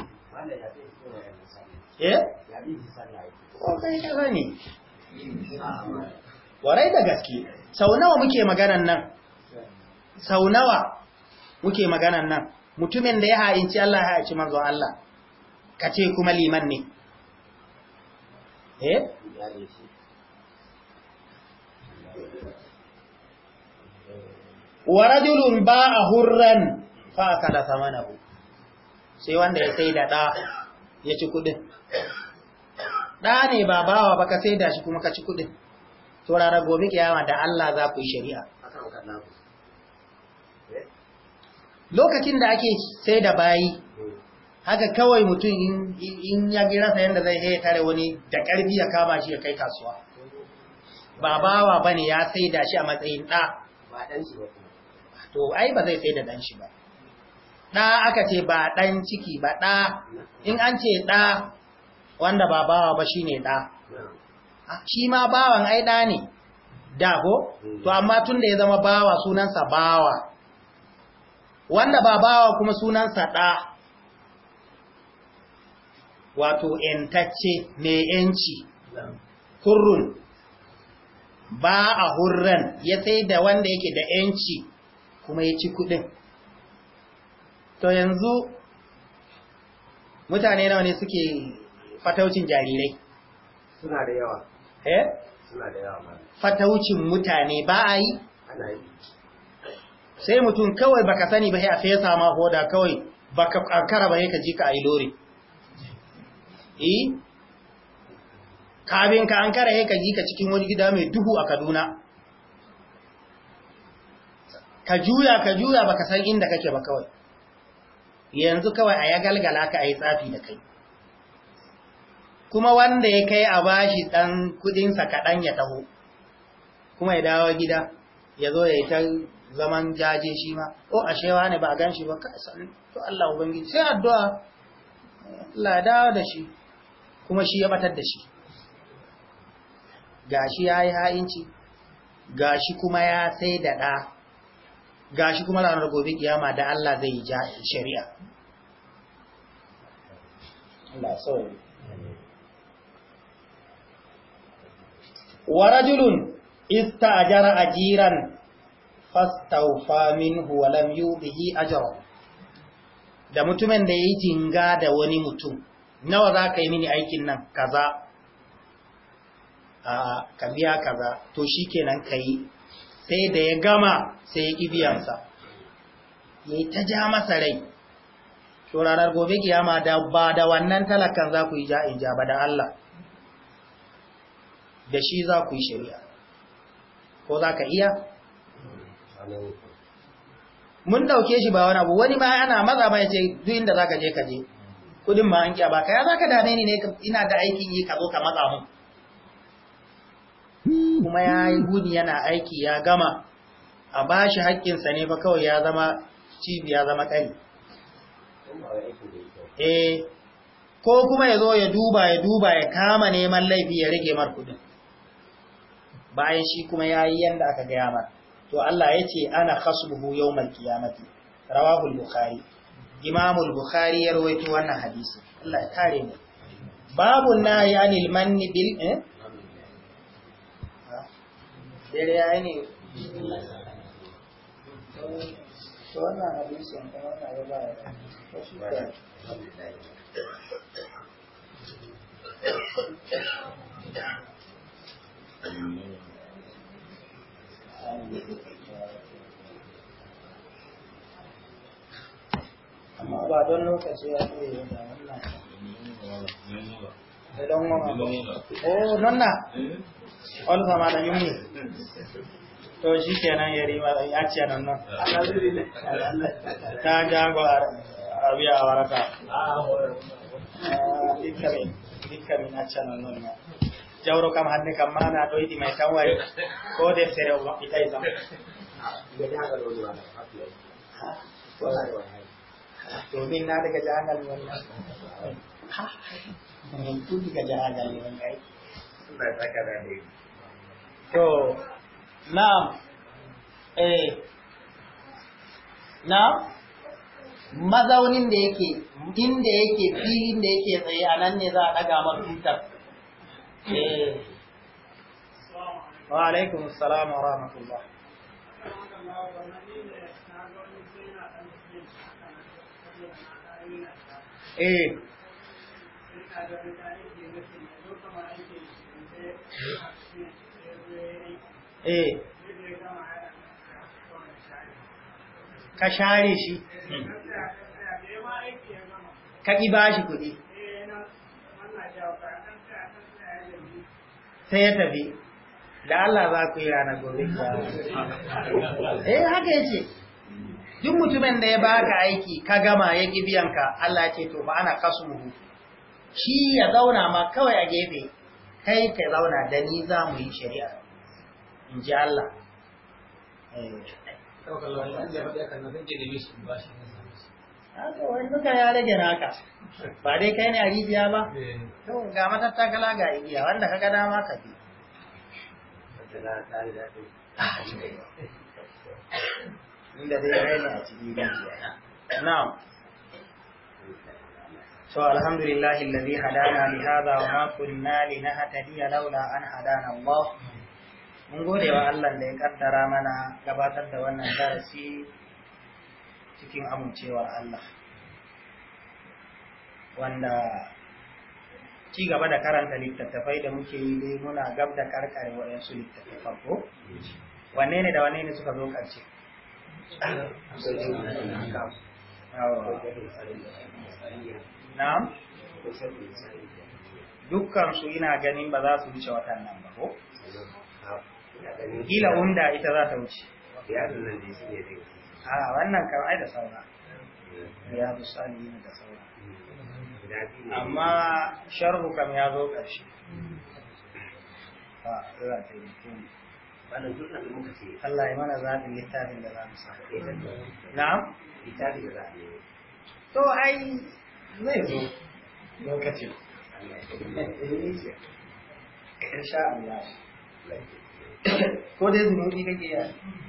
[SPEAKER 3] eh ya bi
[SPEAKER 1] sallah ko kai da gani warai da gaske sau nawa muke maganan nan sau nawa muke maganan nan mutumin da ya ha'inci Allah ya ha'inci manzo Allah ka ce kuma liman ne eh wa rajulun ba'a hurran fa akala thamanahu sai wanda ya sai da ya ci kudin da ne ba bawa ba ka sai da shi kuma ka ci kudin to ranar gobe kiyama da Allah za ku yi shari'a lokacin da ake sai da bayi haka kawai mutum in ya rasa yadda zai haya tare wani da ƙarfi ya kama shi ya kai kasuwa ba bawa ba ne ya sai da shi a matsayin ɗa to ai ba zai sai da ɗan shi ba ɗa aka ce ba ɗan ciki ba ɗa in an ce ɗa wanda ba bawa ba shi ne ɗa shi ma bawan ai ɗa ne dago to amma tun da ya zama bawa sunansa bawa wanda ba bawa kuma sunansa ɗa wato ‘yantacce mai ‘yanci hurrun ba a hurran ya sai da wanda yake da ‘yanci kuma ya ci kuɗin to yanzu mutane nawa ne suke fataucin jarirai
[SPEAKER 2] suna da yawa eh
[SPEAKER 1] fataucin mutane ba a yi sai mutum kawai baka sani ba a fesa ma hoda kawai baka kankara ba ka ji ka a yi lori eh kabin ka ankara ka ji ka cikin wani gida mai duhu a Kaduna ka juya ka juya baka san inda kake ba kawai yanzu kawai a ya galgala ka a yi tsafi da kai kuma wanda ya kai a bashi ɗan kuɗinsa kaɗan ya taho kuma ya dawo gida ya zo ya yi ta zaman jaje shi ma o ashewa ne ba a gan shi ba to Allah ubangiji sai addu'a Allah ya dawo da shi kuma shi ya batar da shi Ga shi ya yi ha'inci ga shi kuma ya sai da ɗa shi kuma ranar gobe kiyama da Allah zai yi shari'a Allah sauri wa rajulun a ajiran fastaufa minhu wa lam yubihi ajra da mutumin da yayi jinga da wani mutum nawa za ka yi mini aikin nan kaza a ka biya kaza to shi ka yi, sai da ya gama sai ya kibiyansa yayi ta ja masa rai to ranar gobe giyama da ba da wannan talakan za ku yi ja ja ba da Allah da shi za ku yi shari'a ko za ka iya mun dauke shi ba wani abu wani ma ana maza ba ya ce duk inda ka je ka je kudin ma an kiya ba za ka dame ni ne ina da aikin yi ka zo ka maza mu kuma ya yi guni yana aiki ya gama a bashi shi haƙƙinsa ne ba kawai ya zama cibi ya zama ƙari. Eh. ko kuma ya zo ya duba ya duba ya kama neman laifi ya rage mar kudin bayan shi kuma yayi yanda aka gaya mar to Allah yace ana khasbuhu yawmal qiyamati rawahu al-bukhari imam al-bukhari ya rawaito wannan hadisi Allah ya kare mu babu yani al manni bil eh
[SPEAKER 2] dare yayi ne to wannan hadisi an kuma ya ba
[SPEAKER 3] shi Thank ba
[SPEAKER 2] don lokaci ya ce da wannan da don wannan oh eh, nonna wani sama da yunni to
[SPEAKER 1] shi kenan ya rima ya ce nan nan ta jago abi a waraka ah, dukkanin dukkanin a ce nan nan jawro kam hande kam mana to yidi mai tan wari ko de deftere o maɓɓitay to domin na daga jahannam jahangal wannan tun daga jahannam ne wanda ai to na eh na mazaunin da yake inda yake filin da yake tsaye a nan ne za a daga mar
[SPEAKER 2] wa alaikum assalam wa rahmatullah
[SPEAKER 1] eh eh ka share shi
[SPEAKER 3] ka ƙi bashi kuɗi eh,
[SPEAKER 1] sai ya tafi da Allah za ku yi ranar gobe eh haka yace duk mutumin da ya baka aiki ka gama ya ki biyan ka Allah ce to ba ana kasumuhu shi ya zauna ma kawai a gefe kai ka zauna da ni za mu yi shari'a in ji Allah eh to wani ya rage naka ba dai kai ne a rijiya ba eh. to ga matattakala ga
[SPEAKER 2] igiya wanda ka gada ma, ka bi inda ya
[SPEAKER 1] so alhamdulillah alladhi hadana li hadha wa ma
[SPEAKER 2] kunna linahtadiya laula an hadana Allah mun gode wa Allah da ya kaddara mana gabatar da wannan darasi cikin amincewar Allah
[SPEAKER 1] wanda ci gaba da karanta littattafai da muke yi dai muna gab da karkare waɗansu littattafan ko wanne ne da wanne ne suka zo ƙarshe
[SPEAKER 2] na'am dukkan su ina ganin ba za su wuce watan nan ba ko kila wanda ita za ta wuce ya nan da su ne a wannan kan ai da saura eh. ya fi salihin da saura amma
[SPEAKER 1] sharhu kam ya zo ƙarshe
[SPEAKER 2] ba za ta yi
[SPEAKER 3] Allah ya mana zaɓin
[SPEAKER 2] littafin da za mu sa. Eh, Na'am? Littafin da za mu
[SPEAKER 1] To ai zai zo
[SPEAKER 2] lokacin. Insha Allah. ko dai zunubi kake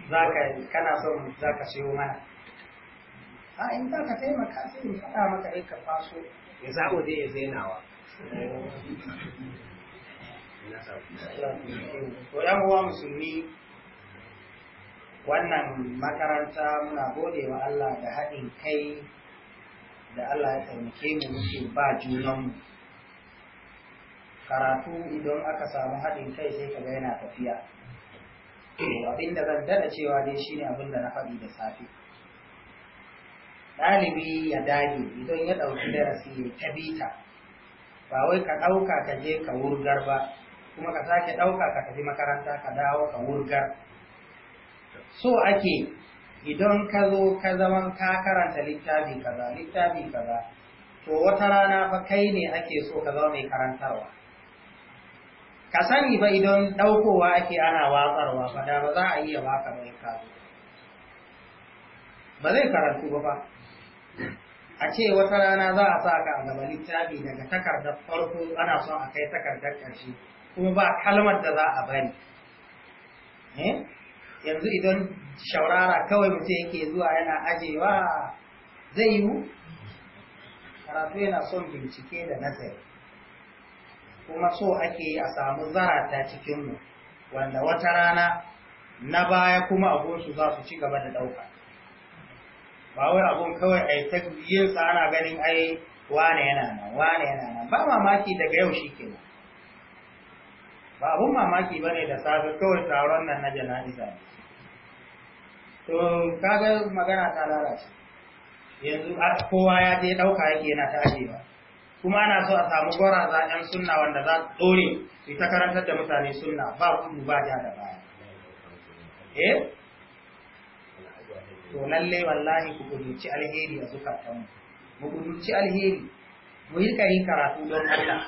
[SPEAKER 2] za ka kana son za ka sayo mana a in za ka taimaka sai in faɗa maka in ka faso
[SPEAKER 1] ya zaɓo dai ya zainawa Ko ya uwa musulmi
[SPEAKER 2] wannan makaranta muna gode wa Allah da haɗin kai da Allah ya taimake mu muke ba junanmu karatu idan aka samu haɗin kai sai ka ga yana tafiya abin zan
[SPEAKER 1] dada cewa dai shine abin da na faɗi da safe ɗalibi ya dage idan ya ɗauki darasi ya tabita ba wai ka ɗauka ka je ka wurgar ba kuma ka sake ɗauka ka tafi makaranta ka dawo ka wurgar so ake idan ka zo ka zaman ka karanta littafi kaza littafi kaza to wata rana fa kai ne ake so ka zama mai karantarwa ka sani ba idan ɗaukowa ake ana watsarwa ba da ba za a iya baka mai ba zai karatu ba fa a ce wata rana za a sa ka a gaba littafi daga takardar farko ana son a kai takardar ƙarshe kuma ba kalmar da za a bari eh? yanzu idan shaurara kawai mutum yake zuwa yana ajewa zai mu? karatu yana son bincike da nazari kuma so ake a samu zarata cikinmu wanda wata rana na baya kuma abunsu za su ci gaba da ɗauka ba wai abun kawai a yi ta yin ana ganin ai wane yana nan wane yana nan ba mamaki daga yau shi ke ba abun mamaki ba ne da safe kawai taron nan na jana'iza ne to kaga magana ta lalace yanzu kowa ya je ɗauka yake yana ta ajewa kuma ana so a samu gwaraza ɗan sunna wanda za su ɗore su ta karantar da mutane sunna ba kudu ba ja da baya eh to lalle wallahi ku kudurci alheri a zukatan mu gudunci alheri mu yi kari karatu don Allah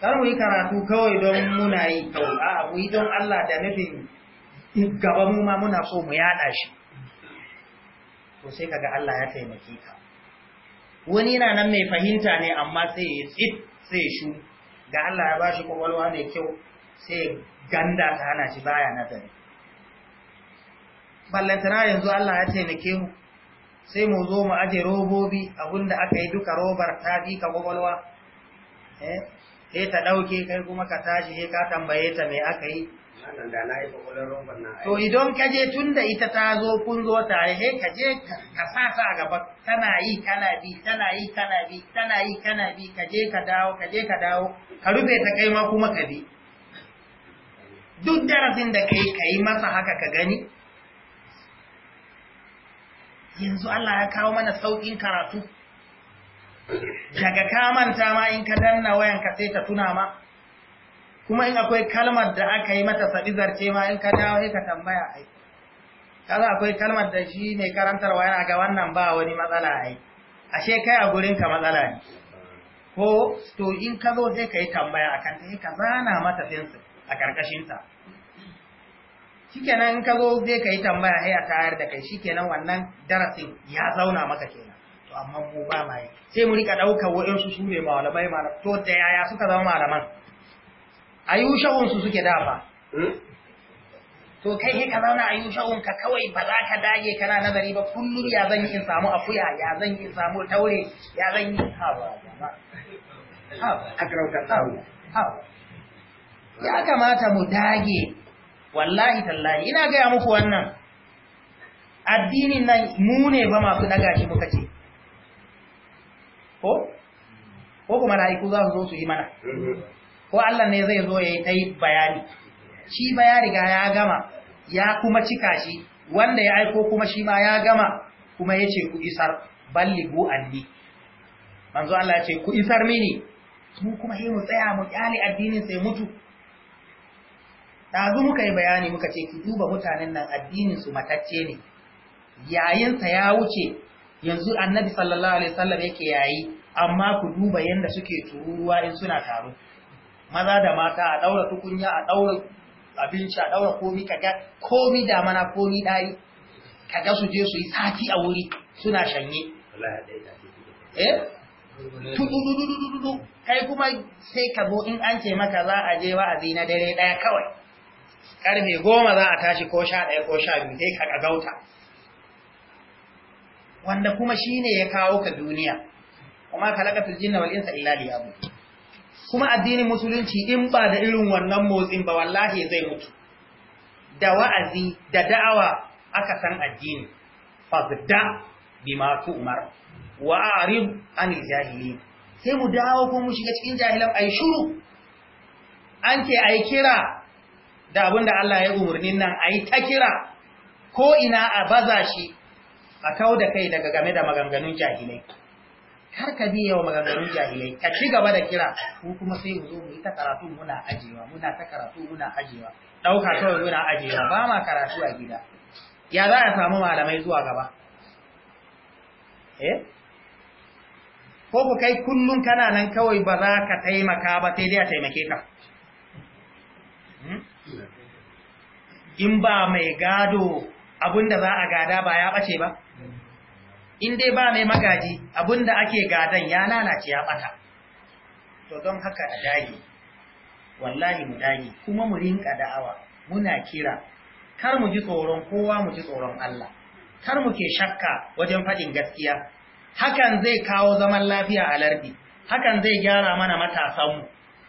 [SPEAKER 1] kar mu yi karatu kawai don muna yi kawai a mu yi don Allah da nufin gaba mu ma muna so mu yaɗa shi to sai kaga Allah ya taimake ka wani yana nan mai fahimta ne amma sai ya tsit sai ya shu ga Allah ya bashi kwakwalwa mai kyau sai ganda ta hana shi baya nazari ballantana yanzu Allah ya taimake mu sai mu zo mu aje robobi abinda aka yi duka robar ta bi ka kwakwalwa eh sai ta dauke kai kuma ka tashi sai ka tambaye ta me aka yi To idan kaje je tun da ita ta zo kun zo tare sai ka je ka sa sa a gaba tana yi kana bi tana yi kana bi tana yi kana bi ka je ka dawo ka je ka dawo ka rufe ta kai ma kuma ka bi. Duk darasin da kai ka yi masa haka ka gani. Yanzu Allah ya kawo mana sauƙin karatu. Daga ka manta ma in ka danna wayanka sai ta tuna ma. kuma in akwai kalmar da aka yi mata sabizar ce ma in ka dawo ka tambaya ai kaza akwai kalmar da shi ne karantarwa yana ga wannan ba wani matsala ai ashe kai a gurin ka matsala ne ko to in ka zo sai ka yi tambaya akan ta sai ka zana mata fensin a karkashin ta shikenan in ka zo sai ka yi tambaya ai a tayar da kai shikenan wannan darasin ya zauna maka kenan to amma mu ba mai sai mu rika daukar wa'ansu su ne malamai malamai to da yaya suka zama malaman a yi suke dafa hmm? to kai he ka zauna a yi kawai ba za ka dage kana nazari ba kullum ya zan yi in samu afuya, ya zan yi in samu taure ya zan yi ya kamata mu dage wallahi tallahi ina gaya muku wannan addinin nan mu ne ba masu daga shi muka ce ko ko kuma ku za su zo su yi mana hmm. ko Allah ne zai zo ya yi ɗai bayani shi ba ya riga ya gama ya kuma cika shi wanda ya aiko kuma shi ma ya gama kuma ya ce ku isar balligu anni manzo Allah ya ku isar mini mu kuma sai mu tsaya mu kyale addinin sai mutu dazu muka yi bayani muka ce ki duba mutanen nan addinin su matacce ne Yayinsa ya wuce yanzu annabi sallallahu alaihi wasallam yake yayi amma ku duba yanda suke tururuwa in suna taro maza da mata a daura tukunya a daura abinci a daura komi kaga komi da mana komi dai kaga su je su yi sati a wuri suna shanye eh kai kuma sai ka zo in an ce maka za a je wa'azi na dare daya kawai karfe goma za a tashi ko sha ɗaya ko sha biyu sai ka gagauta wanda kuma shine ya kawo ka duniya kuma kalaka tuljinna wal insa illa liyabu kuma addinin musulunci in ba da irin wannan motsin ba wallahi zai mutu da wa'azi da da'awa aka san addini fagda bima Umar, wa arid anil jahili sai mu dawo ko mu shiga cikin jahilan ai shuru an ce ai kira da abinda Allah ya umurnin nan ai ta kira ko ina a baza shi a kawo da kai daga game da maganganun jahilai kar ka biya wa maganganun jahilai ka ci gaba da kira ko kuma sai mu zo mu yi ta karatu muna ajewa muna ta karatu muna ajewa dauka kawai muna ajewa ba ma karatu a gida ya za a samu malamai zuwa gaba eh ko ku kai kullun kana nan kawai ba za ka taimaka ba sai dai a taimake ka hmm? in ba mai gado abinda za a gada ba ya bace ba in dai ba mai magaji abinda ake gadan ya lalace ya bata to don haka a dage wallahi mu dage kuma mu rinka da'awa muna kira kar mu ji tsoron kowa mu ji tsoron Allah kar mu ke shakka wajen faɗin gaskiya hakan zai kawo zaman lafiya a lardi hakan zai gyara mana matasanmu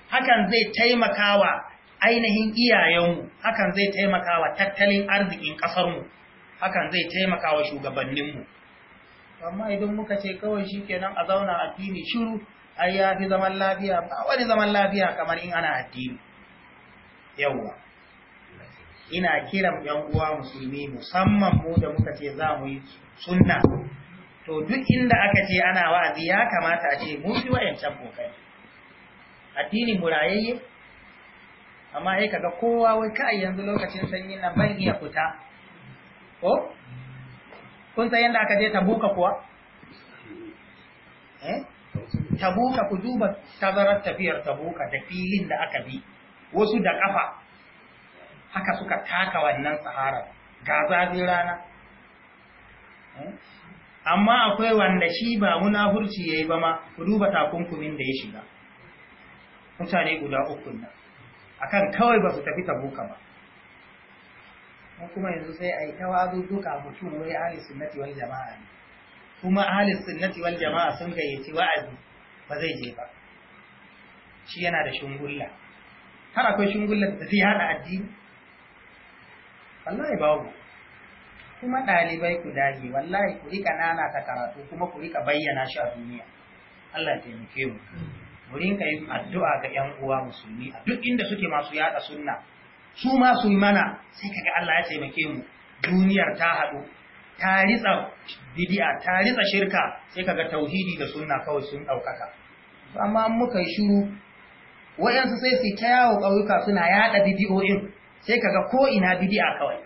[SPEAKER 1] hakan zai taimakawa ainihin iyayenmu hakan zai taimakawa tattalin arzikin ƙasarmu hakan zai taimakawa shugabanninmu amma idan muka ce kawai shi kenan a zauna addini shiru ai ya fi zaman lafiya ba wani zaman lafiya kamar in ana addini yawwa ina kiran yan uwa musulmi musamman mu da muka ce za mu yi sunna to duk inda aka ce ana wa'azi ya kamata a ce mu fi wayancan kokari addini murayayye amma ai kaga kowa wai kai yanzu lokacin sanyin na ban iya fita ko kun san yadda aka je tabuka kuwa eh tabuka ku duba tazarar tafiyar tabuka da filin da aka bi wasu da kafa haka suka taka wannan sahara ga zafin rana eh? amma akwai wanda shi ba munafurci yayi ba ma ku duba takunkumin da ya shiga mutane guda uku nan
[SPEAKER 2] akan kawai ba su tafi tabuka ba
[SPEAKER 1] mu kuma yanzu sai a yi tawazu duka mutum wai ahli sunnati wal jama'a ne kuma ahli sunnati wal jama'a sun gayyaci wa'azi ba zai je ba shi yana da shungulla har akwai shungullar da zai hada addini wallahi babu kuma ɗalibai ku dage wallahi ku rika ta karatu kuma ku rika bayyana shi a duniya Allah ya taimake mu mu rinka yin addu'a ga 'yan uwa musulmi a duk inda suke masu yada sunna su ma su yi mana sai kaga Allah ya taimake mu duniyar ta haɗu ta ritsa bid'a ta ritsa shirka sai kaga tauhidi da sunna kawai sun ɗaukaka amma muka yi shiru wayansu sai su ta yawo ƙauyuka suna yaɗa bid'o'in sai kaga ko ina bid'a kawai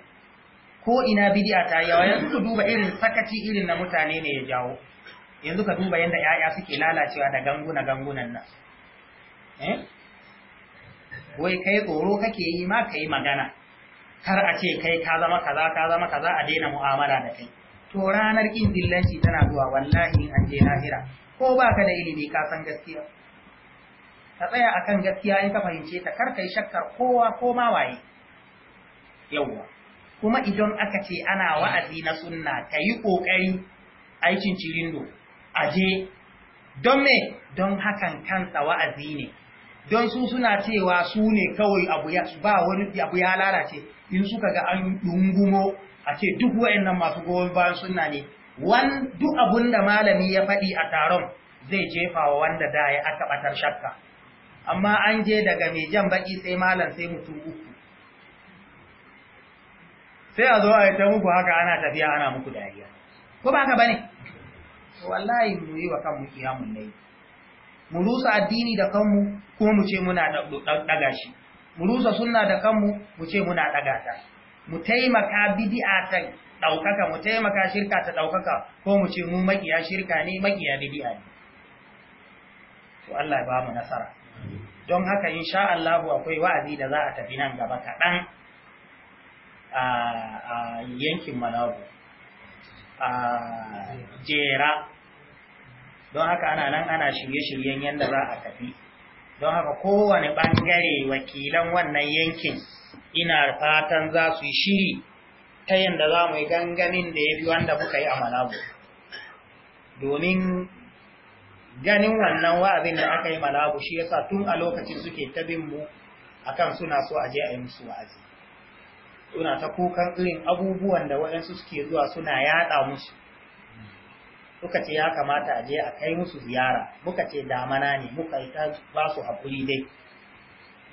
[SPEAKER 1] ko ina bid'a ta yawa yanzu ka duba irin sakaci irin na mutane ne ya jawo yanzu ka duba yanda 'ya'ya suke lalacewa da ganguna gangunan nan eh wai kai tsoro kake yi ma kai magana kar a ce kai ka zama kaza ka zama kaza a daina mu'amala da kai to ranar kin dillanci tana zuwa wallahi an je lahira ko baka da ilimi ka san gaskiya ka tsaya akan gaskiya in ka fahimce ta kar kai shakkar kowa ko ma waye yawwa kuma idan aka ce ana wa'azi na sunna kayi kokari aikin cirindo aje don me don hakan kansa wa'azi ne don su suna cewa su ne kawai abu ya ba wani abu ya lalace in suka ga an dungumo a ce duk nan masu goyon bayan suna ne duk abun da malami ya faɗi a taron zai jefa wa wanda da ya aka ɓatar shakka amma an je daga mai jan baƙi sai malam sai mutum uku sai a zo a yi ta muku haka ana tafiya ana muku dariya ko ba ka ba ne. wallahi mu yi wa kanmu kiyamun laifi mu rusa addini da kanmu ko mu ce muna daga shi mu rusa sunna da kanmu mu ce muna daga ta mu taimaka bid'a ta daukaka mu taimaka shirka ta daukaka ko mu ce mu makiya shirka ne makiya bid'a ne to Allah ya ba mu nasara don haka insha Allah akwai wa'azi da za a tafi nan gaba kaɗan a yankin Malawi a jera don haka ana nan ana shirye-shiryen yadda za a tafi don haka kowane ɓangare wakilan wannan yankin ina fatan za su yi shiri ta yadda za mu yi gangamin da ya fi wanda muka yi a malabu domin ganin wannan wa'azin da aka yi malabu shi yasa tun a lokacin suke ta mu akan suna so a je a yi musu wa'azi suna ta kukan irin abubuwan da waɗansu suke zuwa suna yaɗa musu suka ce ya kamata a je a kai musu ziyara muka ce damana ne muka yi ta ba su haƙuri dai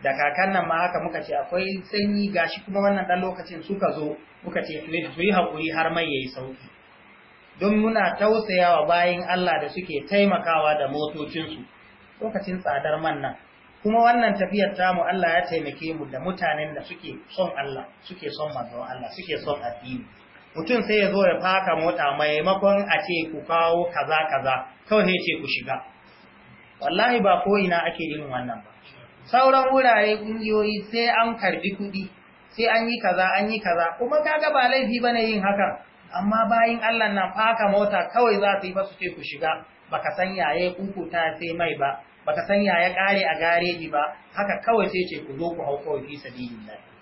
[SPEAKER 1] da kakan nan ma haka muka ce akwai sanyi gashi kuma wannan ɗan lokacin suka zo muka ce su yi haƙuri har mai yayi sauki don muna tausayawa bayan Allah da suke taimakawa da
[SPEAKER 2] motocinsu
[SPEAKER 1] lokacin tsadar man nan kuma wannan tafiyar tamu Allah ya taimake mu da mutanen da suke son Allah suke son manzon Allah suke son addini mutum sai ya zo ya faka mota maimakon a ce ku kawo kaza kaza kawai ne ce ku shiga wallahi ba ko ina ake yin wannan ba sauran wurare kungiyoyi sai an karbi kuɗi sai an yi kaza an yi kaza kuma kaga ba laifi bane yin haka amma bayan Allah nan faka mota kawai za su yi ba su ce ku shiga baka san yaye kunkuta sai mai ba baka san yaya kare a gareji ba haka kawai sai ce ku zo ku hau kawai fi sabilillah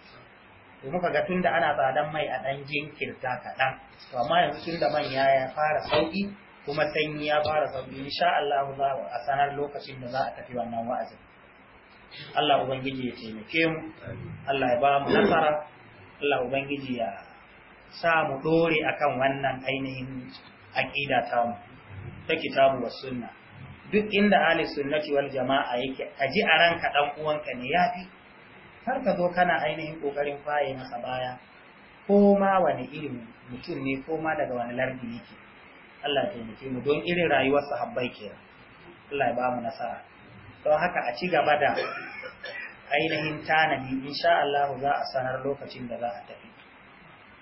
[SPEAKER 1] da muka ga tunda ana tsadan mai a dan jinkirta kaɗan to amma yanzu tunda man ya fara sauƙi, kuma sanyi ya fara sauki insha
[SPEAKER 2] Allah za a sanar lokacin da za a tafi wannan wa'azin
[SPEAKER 1] Allah ubangiji ya taimake mu Allah ya ba mu nasara Allah ubangiji ya sa mu dore akan wannan ainihin aqida ta mu ta kitabu was sunna duk inda ahli sunnati wal jamaa yake aji a ranka dan uwanka ne yafi kar ka zo kana ainihin ƙoƙarin faye masa baya ko ma wani irin
[SPEAKER 2] mutum ne ko ma daga wani lardi yake Allah ya taimake mu don irin rayuwar sahabbai kenan Allah ya ba mu nasara don haka a ci gaba da ainihin tanadi insha Allah za a sanar lokacin da za a tafi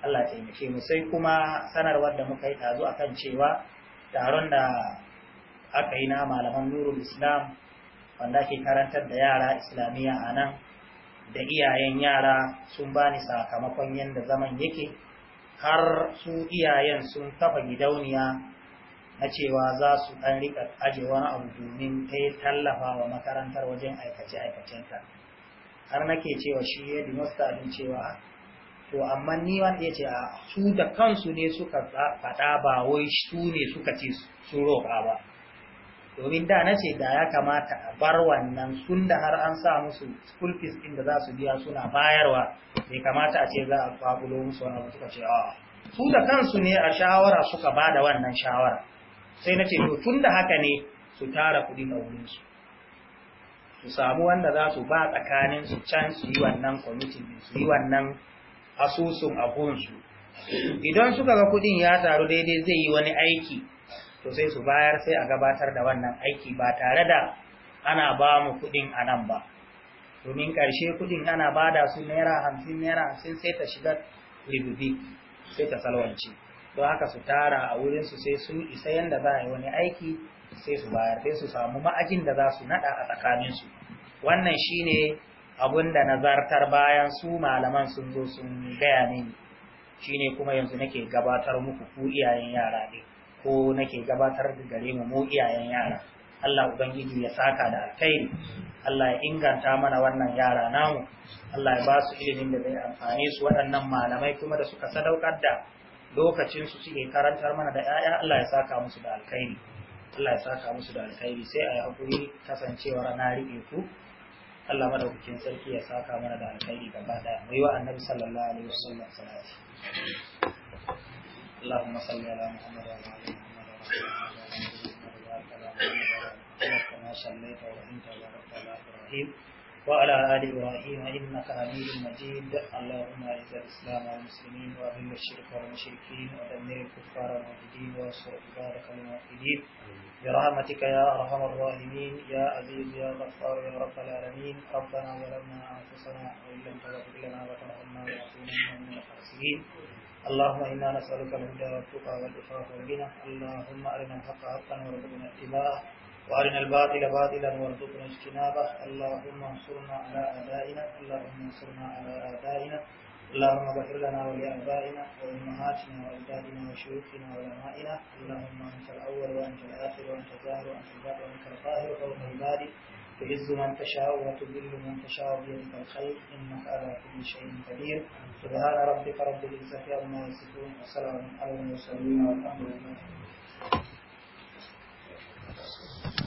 [SPEAKER 2] Allah ya taimake mu sai kuma sanarwar da muka yi tazo akan cewa taron da aka yi na malaman nurul islam wanda ke karantar da yara islamiyya a nan da iyayen yara sun bani sakamakon yadda zaman yake har su iyayen sun kafa gidauniya na cewa za su ɗan riƙa aje wani abu domin ta yi tallafa wa makarantar wajen aikace-aikacenta
[SPEAKER 1] har nake cewa shi ya masta abin cewa to amma ni wanda ya ce su da kansu ne suka faɗa ba wai su ne suka ce sun roƙa ba
[SPEAKER 2] domin da na ce da ya kamata a bar wannan sun da har an sa musu school fees din da za su biya suna bayarwa bai kamata a ce za a kwakulo musu wani abu suka ce a
[SPEAKER 1] su da kansu ne a shawara suka ba da wannan shawara sai na ce to tun da haka ne su tara kuɗi a su samu wanda za su ba tsakanin su can su yi wannan din su yi wannan asusun abunsu idan suka ga kuɗin ya taru daidai zai yi wani aiki to sai su bayar sai a gabatar da wannan aiki ba tare da ana ba mu kuɗin a nan ba domin ƙarshe kuɗin ana ba da su naira hamsin naira hamsin sai ta shiga ribibi sai ta salwanci don haka su tara a wurinsu sai su isa yadda za a yi wani aiki sai su bayar sai su samu ma'ajin da za su naɗa a tsakaninsu wannan shi ne abin da nazartar bayan su malaman sun zo sun gaya mini ne kuma yanzu nake gabatar muku ku iyayen yara ne. ko nake gabatar da gare mu mu iyayen yara Allah ubangiji ya saka da kai Allah ya inganta mana wannan yara
[SPEAKER 2] namu Allah ya ba su ilimin da zai amfani su waɗannan malamai kuma da suka sadaukar da lokacin su suke karantar mana da 'ya'ya Allah ya saka musu da alkhairi Allah ya saka musu da alkhairi sai a yi hakuri kasancewa na riƙe ku Allah madaukakin sarki ya saka mana da alkhairi gaba daya mu yi wa annabi sallallahu alaihi wasallam salati اللهم صل على محمد وعلى آل محمد كما صليت وأنت بارك على إبراهيم وعلى آل إبراهيم إنك حميد مجيد اللهم أعز الإسلام والمسلمين وأذل الشرك والمشركين ودمر الكفار والمجدين وانصر عبادك الموحدين برحمتك يا أرحم الراحمين يا عزيز يا غفار يا رب العالمين ربنا ظلمنا أنفسنا وإن لم تغفر لنا وترحمنا لنكونن من الخاسرين اللهم إنا نسألك الهدى والتقى والإخلاص والغنى اللهم أرنا الحق حقا وارزقنا اتباعه وأرنا الباطل باطلا وارزقنا اجتنابه اللهم انصرنا على أعدائنا اللهم انصرنا على أعدائنا اللهم اغفر لنا ولآبائنا وأمهاتنا وأجدادنا وشيوخنا وعلمائنا اللهم أنت الأول وأنت الآخر وأنت الظاهر وأنت الباطن وأنت القاهر فوق عبادك تهز من تشاء وتذل من تشاء بيدك الخير انك على كل شيء قدير سبحان ربك رب العزه عما يصفون وسلام على المرسلين والحمد لله